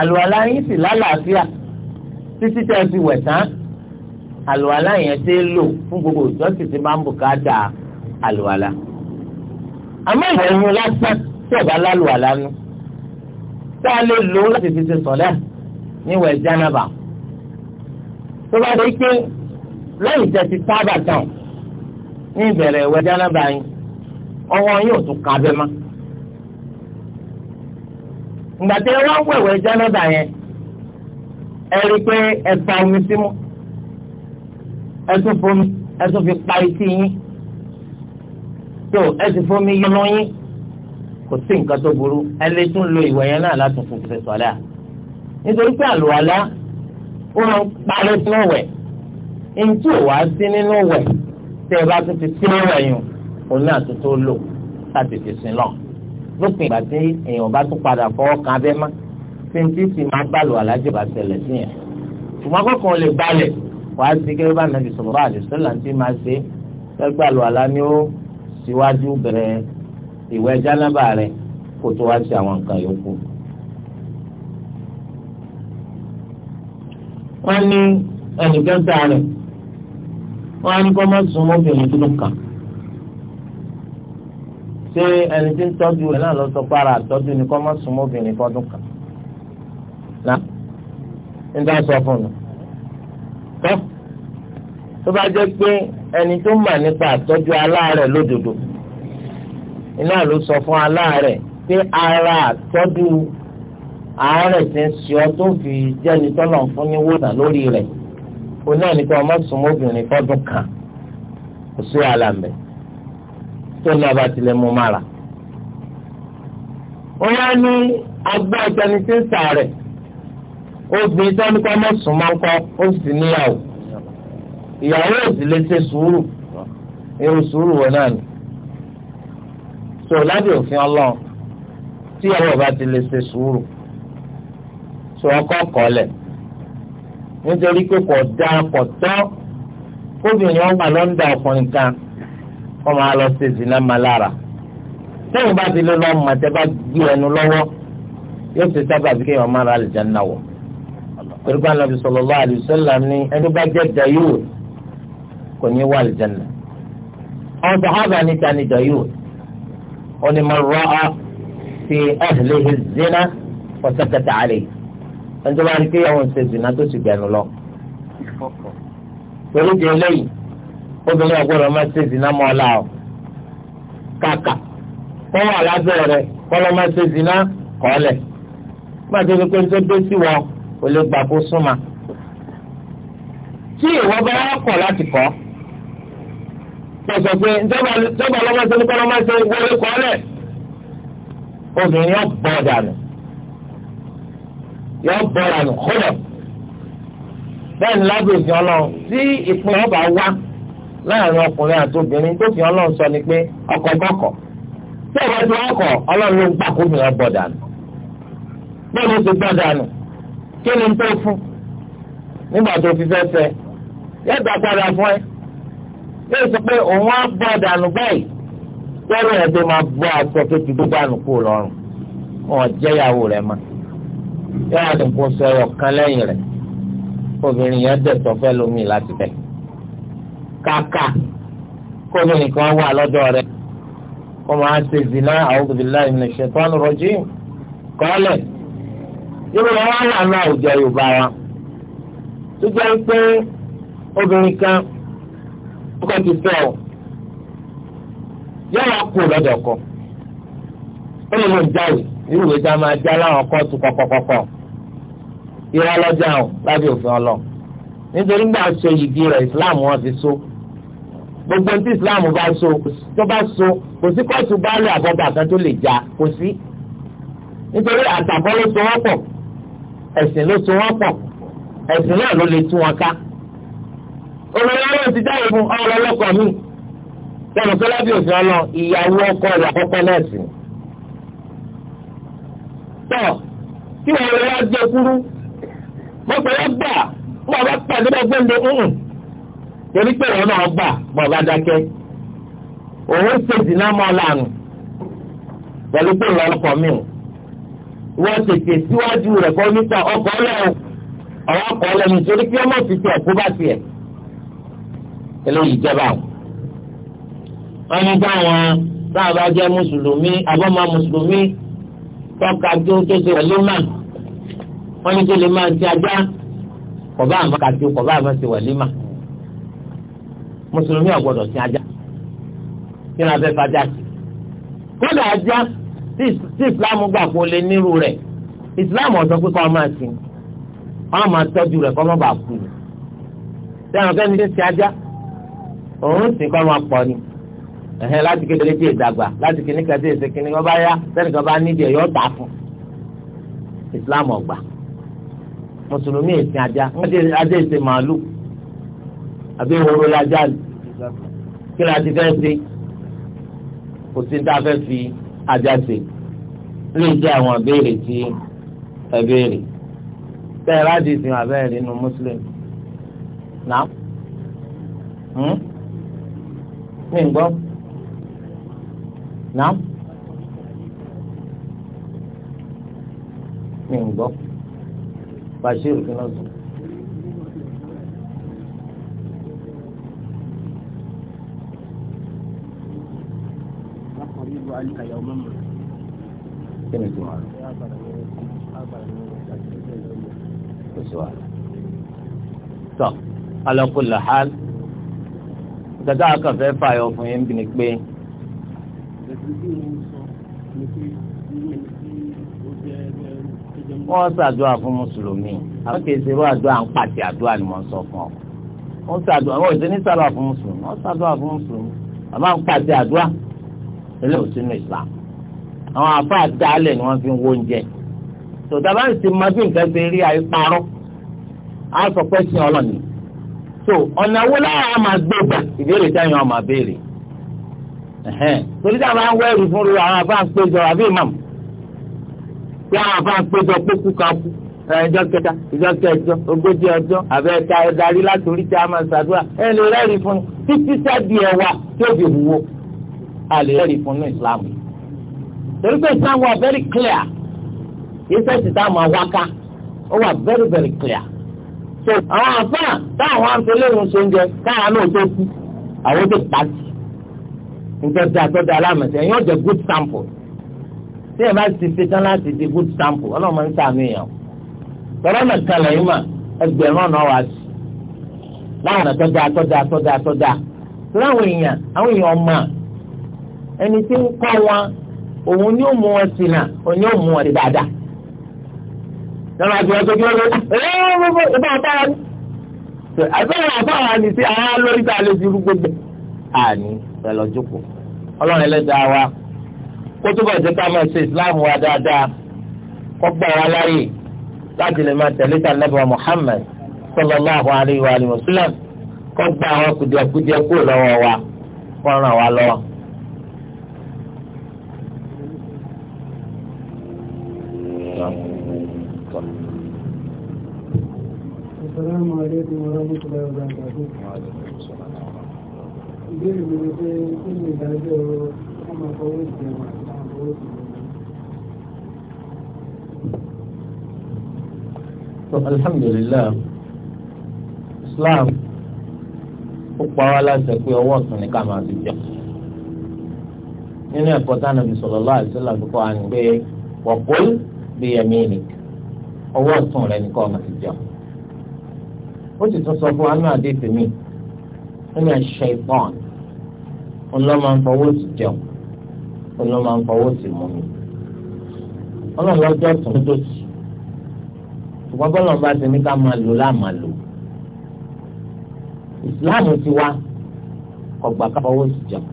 àlù àlá yín sì lálàáfíà títí tẹ́ ẹ fi wẹ̀ tán àlùwàlá yẹn ṣe é lò fún gbogbo ìjọsìn tí máa ń bùkátà àlùwàlá àmọ́ ìwà ẹ̀yìn lásán tí ọ̀gá lálùwàlá nu tá a lè lò láti fi ṣe sọ̀lẹ́ níwọ̀ ẹ̀ jánàbà tó bá dé pé lẹ́yìn tẹ́ ti tábà tán ní ìbẹ̀rẹ̀ ìwẹ̀ jánàbà yín ọwọ́ yóò tún ka abẹ́ má ìgbà tí ẹ wá wẹ̀wẹ̀ jánàbà yẹn ẹ rí i pé ẹ fa omi símú ẹtún fomi ẹtún fi pa etí yín tó ẹtún fomi yọnu yín kò sí nǹkan tó burú ẹ lè tún lo ìwẹ̀ yẹn náà láti fún fífẹ́ sọ́lá nítorí pé àlùwàlá ó máa ń parí sínú wẹ̀ ntí ò wá sí nínú wẹ̀ tẹ́ ẹ bá tún ti sínú wẹ̀ yùn òun náà tó tó lò láti fi sin lọ lópin ìgbà tí èèyàn bá tún padà fọwọ́ kan abẹ́ mọ́ tí ti máa bá àlùwàlá jù bá ṣẹlẹ̀ sí yẹn ṣùgbọ́n kọ́kàn lè balẹ̀ wàá ṣe gẹ́gẹ́ bá nàbì sallallahu alaihi wasallam tí máa ṣe gbẹ́gbà lọ àlá ni ó síwájú bẹ̀rẹ̀ ìwẹ̀ jánábà rẹ̀ kó tó wá ṣe àwọn nǹkan yòókù. wọ́n ní ẹnìkan tá a rẹ̀ wọ́n á ní kó má sùn mọ́bìnrin tó kàn. ṣé ẹni tí ń tọ́jú rẹ̀ náà lọ sọ pé ara àtọ́jú ni kó má sùn mọ́bìnrin fọ́dún kan. náà ń dá sọ fún un tọ́ tó bá jẹ́ pé ẹni tó mà nípa àtọ́jú aláàárẹ̀ lódodo iná ló sọ fún aláàárẹ̀ pé ara àtọ́jú àárẹ̀ ti ń ṣe ọ́ tó fi jẹ́ni tọ́lọ̀ fún ní wòsàn lórí rẹ̀ o náà ní kí ọmọ sùnmọ́ obìnrin fọ́dún kan kò sí àlàmẹ́ tó ní ọba tilẹ̀ mú mára. wọ́n á ní agbá ìtẹnisí sàárẹ̀ obìnrin tó ní kọ́ mọ́ máa ń kọ́ ó sì níyàwó ìyàwó òsì lè ṣe sùúrù èrò sùúrù wọn náà ni tó lábẹ́ òfin ọlọ́run tí ìyàwó ọba ti lè ṣe sùúrù tó ọkọ kọlẹ̀ nítorí pé kò dá kò tọ́ kóbìnrin ọgbà lọ́ńdà ọkùnrin kan kó máa lọ ṣe zina malara, lára tẹ́yìn bá ti lé lọ́mọ àtẹ́ bá gbé ẹnu lọ́wọ́ yóò ṣe sábà bí kéèyàn máa ra àlùjánnà wọ̀ torípa nàbì sallallahu alaihi wasallam ní ẹni bá jẹ́ dayúù kò ní wà lìjànà. àwọn sàhábà ní ta ni dayúù ó ní man ra'a fi ahlihi zina wa sakata alayhi ẹni tó bá rí kéèyàn ń ṣe zina tó sì gbẹ̀nu lọ. torí di eléyìí obìnrin ọgbọ́dọ̀ máa ṣe zina mọ́ ọ la kàkà wọ́n wà lábẹ́ rẹ̀ kọ́lọ́ máa ṣe zina kọ́lẹ̀. gbàdúrà pé ń tó dé sí wọn kò lè gbà kó súnmọ́ tí ìwọ bá kọ̀ láti kọ́ pẹ̀sẹ̀ pé ntọ́ba lọ́mọ sẹ́ni kọ́ lọ́mọ sẹ́ni wọlé kọ́ lẹ̀ obìnrin yóò bọ̀ dànù yóò bọ̀ dànù kọ́lọ̀ bẹ́ẹ̀ ni lábẹ́ òfin ọlọ́run tí ìpín ọba wá láàrin ọkùnrin àti obìnrin tó fi ọlọ́run sọ ni pé ọkọ̀ kọ̀kọ̀ tí ìwọ́n ti wọ́n kọ̀ ọlọ́run ló ń gbà kó mi ọ̀ bọ̀ dànù bẹ́ẹ̀ ló ti bọ̀ dànù kí ni n tó fún nígbà tó fi fẹ́ fẹ́ yẹ gbà padà fún ẹ yóò sọ pé òun á bọ̀ dànù báyìí tọ́rọ̀ ẹ̀ tó máa bọ́ aṣọ tó ti dúdú dànù kú lọ́rùn wọn jẹ́yàwó rẹ̀ mọ́ yóò wá dùnkún sọ ẹ̀rọ kan lẹ́yìn rẹ̀ obìnrin yẹn dẹ̀tọ̀ fẹ́ lómi láti bẹ̀ kàkà kóbìnrin kan wà lọ́dọ̀ rẹ̀ kó máa ṣe zina a'udhu billahi minash shaitani rajim kọ́lẹ̀ nínú wọn wá lànà àwùjọ yorùbá wa tó jẹ́ pé obìnrin kan ọkọ ti fẹ́ ọ yàrá kù lọ́dọ̀ kan ó lè lọ jáwé irú ìwé tá a máa já láwọn kóòtù kọ̀kọ̀kọ̀kọ̀ ìrọ̀ lọ́jà ọ̀ lábẹ́ òfin ọlọ́ nítorí gbà so yìgì rẹ̀ islam wọn fi so gbogbo tí islam bá so tó bá so kò sí kóòtù báálẹ̀ àbọ̀bà kan tó lè já kò sí nítorí àtàkọ́ ló so wọ́pọ̀ ẹ̀sìn ló tún wọn pọ̀ ẹ̀sìn náà ló lè tún wọn ká olùyà náà ti dáhùn fún ọ̀rọ̀ ọlọ́kọ̀ mi lọ́nà tó lábẹ́ òfin ọlọ́ ìyàwó ọkọ rẹ̀ àkọ́kọ́ náà sì tọ́ kí wọ́n lè wá jẹ kúrú mọ̀pẹ́lẹ́ gbà mọ̀ bá pàdé bá gbẹ́ndé ńhùn torí pé ìwọ náà gbà mọ̀ bá dákẹ́ òun ṣèṣì náà mọ̀ lánàá pẹ̀lú pé ìwọ ọkọ̀ mi wọ́n tètè síwájú rẹ̀ kọ́ níta ọkọ̀ ọlọ́run ọ̀rọ̀ ọkọ̀ ọlọ́run nítorí kí ọmọ fi tiẹ̀ kó bá tiẹ̀ eléyìí jẹba o. wọ́n ní báwọn sábà jẹ́ mùsùlùmí abọ́mọ mùsùlùmí tọ́ka tó tó ṣe wàlímà wọ́n ní tó lè máa ti ajá kọ̀bá àmọ́ kàtó kọ̀bá àmọ́ ṣe wàlímà mùsùlùmí ọ̀gbọ́dọ̀ ti ajá kí ni fẹ́ fàjà sí kódà ajá tí ìsìláàmù gbà kó lè nírú rẹ̀ ìsìláàmù ọ̀sán pé kọ́ máa sìn wọ́n á máa tọ́jú rẹ̀ kọ́ má bàa kú ni sẹ́wọ̀n kẹ́ni tí ń ti ajá òun sì kọ́ máa pọ̀ ni ẹ̀hẹ́n láti kékeré tí ìdàgbà láti kíní kan tí èsè kíní kan bá yá sẹ́nìkan bá nídìí ẹ̀yọ́ tà fún ìsìláàmù ọ̀gbà mùsùlùmí èsì ajá ajá èsè màálù àbí ìhòòhò lajá kí ni a ti fẹ́ ṣe kò sí ní ta fẹ́ fi àjàsè lè jẹ́ àwọn ìbéèrè tí ẹ béèrè bẹ́ẹ̀ láti sìn abẹ́rẹ́ nínú muslim náà hmm? mi ń gbọ́ náà mi ń gbọ́ Bashir kí ló sùn. dhalika yawman kí ni tuma rẹ kò sí wa tọ ala kulli hal gàdá àkànfẹ fààyọ fún yín bí ni pé wọ́n ṣàdúrà fún mùsùlùmí àwọn kìí ṣe irú àdúrà ń pàṣẹ àdúrà ni mo ń sọ fún ọ wọ́n ṣàdúrà wọ́n ò ṣe ní ṣàdúrà fún mùsùlùmí wọ́n ṣàdúrà fún mùsùlùmí àmọ́ ń pàṣẹ àdúrà eléyìí sínú Islam àwọn afa àdáálẹ̀ ni wọ́n fi ń wo oúnjẹ tòtàbá ti máa bí nǹkan ṣe rí àìparọ́ á sọ sí ọlọ́ni so ọ̀nà wo láwọn máa gbé bá ìbéèrè táyọ̀ ọmọ béèrè torí táwọn àwọn ẹrù fún ru àwọn afa ń péjọ àbí imam tí àwọn afa ń péjọ pé kú ká kú ẹjọ́ kẹta ìjọ kẹjọ ogójì ọjọ́ àbẹ ẹta ẹdarí láti orí tí a máa ṣàdúrà ẹ lè rẹ́rìí fún títí sábì ẹwà tó fi wúwo a lè rẹ́rìí fún ní islam torí pé islam wà very clear yíṣẹ́ ti dá máa wáká ó wà very very clear so àwọn àfáà táwọn afẹlẹ́hùn ṣe ń jẹ táwọn náà tó kú àwọn tó pàtì nǹkan tí a tọ́ da aláàmọ̀tẹ́ ẹ̀yin ọ̀jẹ̀ good sample tí ẹ bá ti fi tán láti di good sample ọlọ́run máa ń sàmì yàn tọ́lá nìkan lẹ́yìn mà ẹgbẹ̀rún ọ̀nà wà sí láwọn àtọ́jà àtọ́jà àtọ́jà àtọ́jà tó láwọn èèyàn àwọn èèyàn ọmọ ẹni tí ń kọ́ wọn òun ni ó mú wọn sí náà òun ni ó mú wọn dáadáa. lọ́nà àti wọn sọ́jú ọlọ́dún ẹ̀ẹ́ gbogbo ìbá àbára ni. sí wa kó túbọ̀ ká máa ṣe islam wa dáadáa kó gbà wá láti lè máa tẹ̀lé السلام عليكم ورحمة الله وبركاته ìbéèrè mi ni pé kí ni ìdájọ́ ọmọ ọwọ́ ìjẹun àti àwọn ọwọ́ ìjẹun. alhamdulillah islam ó pa wá láṣẹ pé ọwọ́ ọ̀tún ni ká máa fi jẹun nínú ẹ̀kọ́ tí Ànábì sallallahu alaihi wasallam fi kọ́ wa ni pé wa rẹ ni kó máa fi jẹun ó sì tún sọ fún wa náà dé tèmi nínú ẹ̀ṣẹ̀ ìpọ́n ọlọ́ máa ń fọwọ́ sí jẹun ọlọ́ máa ń fọwọ́ sí mú mi ọlọ́run lọ́jọ́ tún tó sí ṣùgbọ́n bọ́lá ọba ti ní ká máa lò láàmà lò ìsìláàmù ti wá ọgbà ká fọwọ́ sí jẹun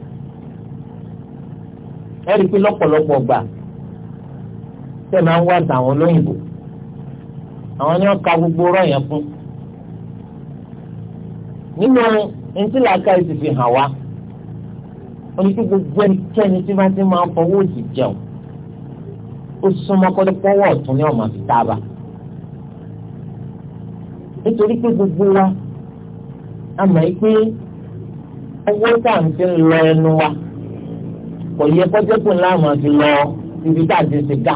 ẹ rí i pé lọ́pọ̀lọpọ̀ gbà tẹ̀ máa ń wá àtàwọn olóyìnbó àwọn ni wọ́n ka gbogbo ọ̀rọ̀ yẹn fún nínú ntí làákà yìí ti fi hàn wá oníṣẹ́ gbogbo ẹnikẹ́ni tí wọ́n ti máa ń fọwọ́ òsì jẹun ó súnmọ́ kọ́lé pọ́wọ́ ọ̀tún ní ọ̀mà fi tábà nítorí pé gbogbo wa a mọ̀ yìí pé owó tá à ń fi lọ ẹnu wa kò yẹ kọ́jọ́pọ̀ láàmú àti lọ ibi tá a ti ṣe ga.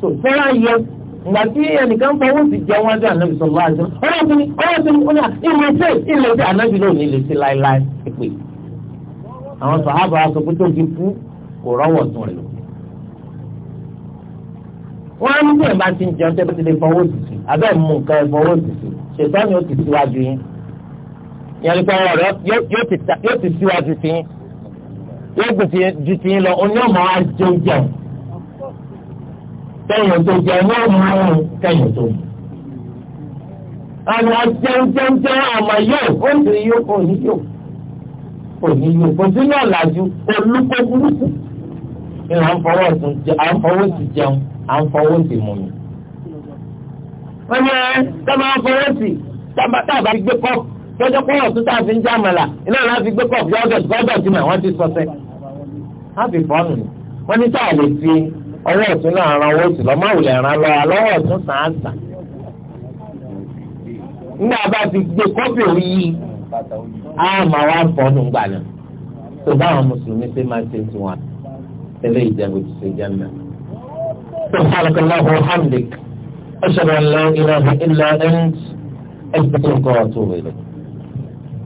sọ̀rọ̀ yẹ. So, ìgbà tí ẹnìkan fọwọ́ sí jẹ́ wọn dé ànábì sọ̀rọ̀ láti ọ̀rọ̀ tó ní ọ̀rọ̀ tó ní ọ̀nà ilé tẹ̀ ilé tẹ̀ ànábì náà ní ilé tẹ̀ láéláé pé àwọn sàhábà sọ pé tó fi kú kò rọ́wọ̀ tún rẹ̀ lọ. wọ́n á ní bí ẹ̀ bá ti ń jẹun tẹ́ bí ti lè fọwọ́ sí sí abẹ́ mú nǹkan ẹ̀ fọwọ́ sí sí ṣètò ni ó ti síwájú yín yẹn pé ọ̀rọ̀ rẹ yóò ti síwájú ti yín yóò gbèsè ju ti yín lọ oní ọmọ wa jẹun jẹun kẹ́yìn tó jẹ ní ọmọ ọrùn kẹ́yìn tó. àwọn jẹunjẹunjẹun àmọ́ yóò ó ní yóò ó ní yóò ó ní yóò kò sí ní ọ̀làjú olúkọ burúkú. ní à ń fọwọ́ sí jẹun à ń fọwọ́ sí mu mi. wọ́n ní ẹ sábà fọwọ́ sí sábà gbé kọ́ lọ́jọ́ kọ́ ọ̀tún tá a fi ń já àmàlà iná ìlànà fi gbé kọ́ ọ̀fíà ọ̀dọ̀ tí wọ́n dọ̀ sí mà wọ́n ti sọ sẹ́. á fi fọ́ọ̀nù ni wọ́n ní sáà fi ọwọ́ ọ̀tún náà ara ọwọ́ òsì lọ́mọ àwùlẹ̀ ara lọ àlọ́wọ́ ọ̀tún sàǹsà. nígbà bá ti gbé kọ́pì òun yìí á máa wá fọ́ọ̀nù gbà náà tó báwọn mùsùlùmí ṣe máa ṣe tiwọn tẹ́lẹ̀ ìjẹ́bù ti ṣe jẹ́ náà. سبحانك اللهم وبحمدك أشهد أن لا إله إلا أنت أستغفرك وأتوب إليك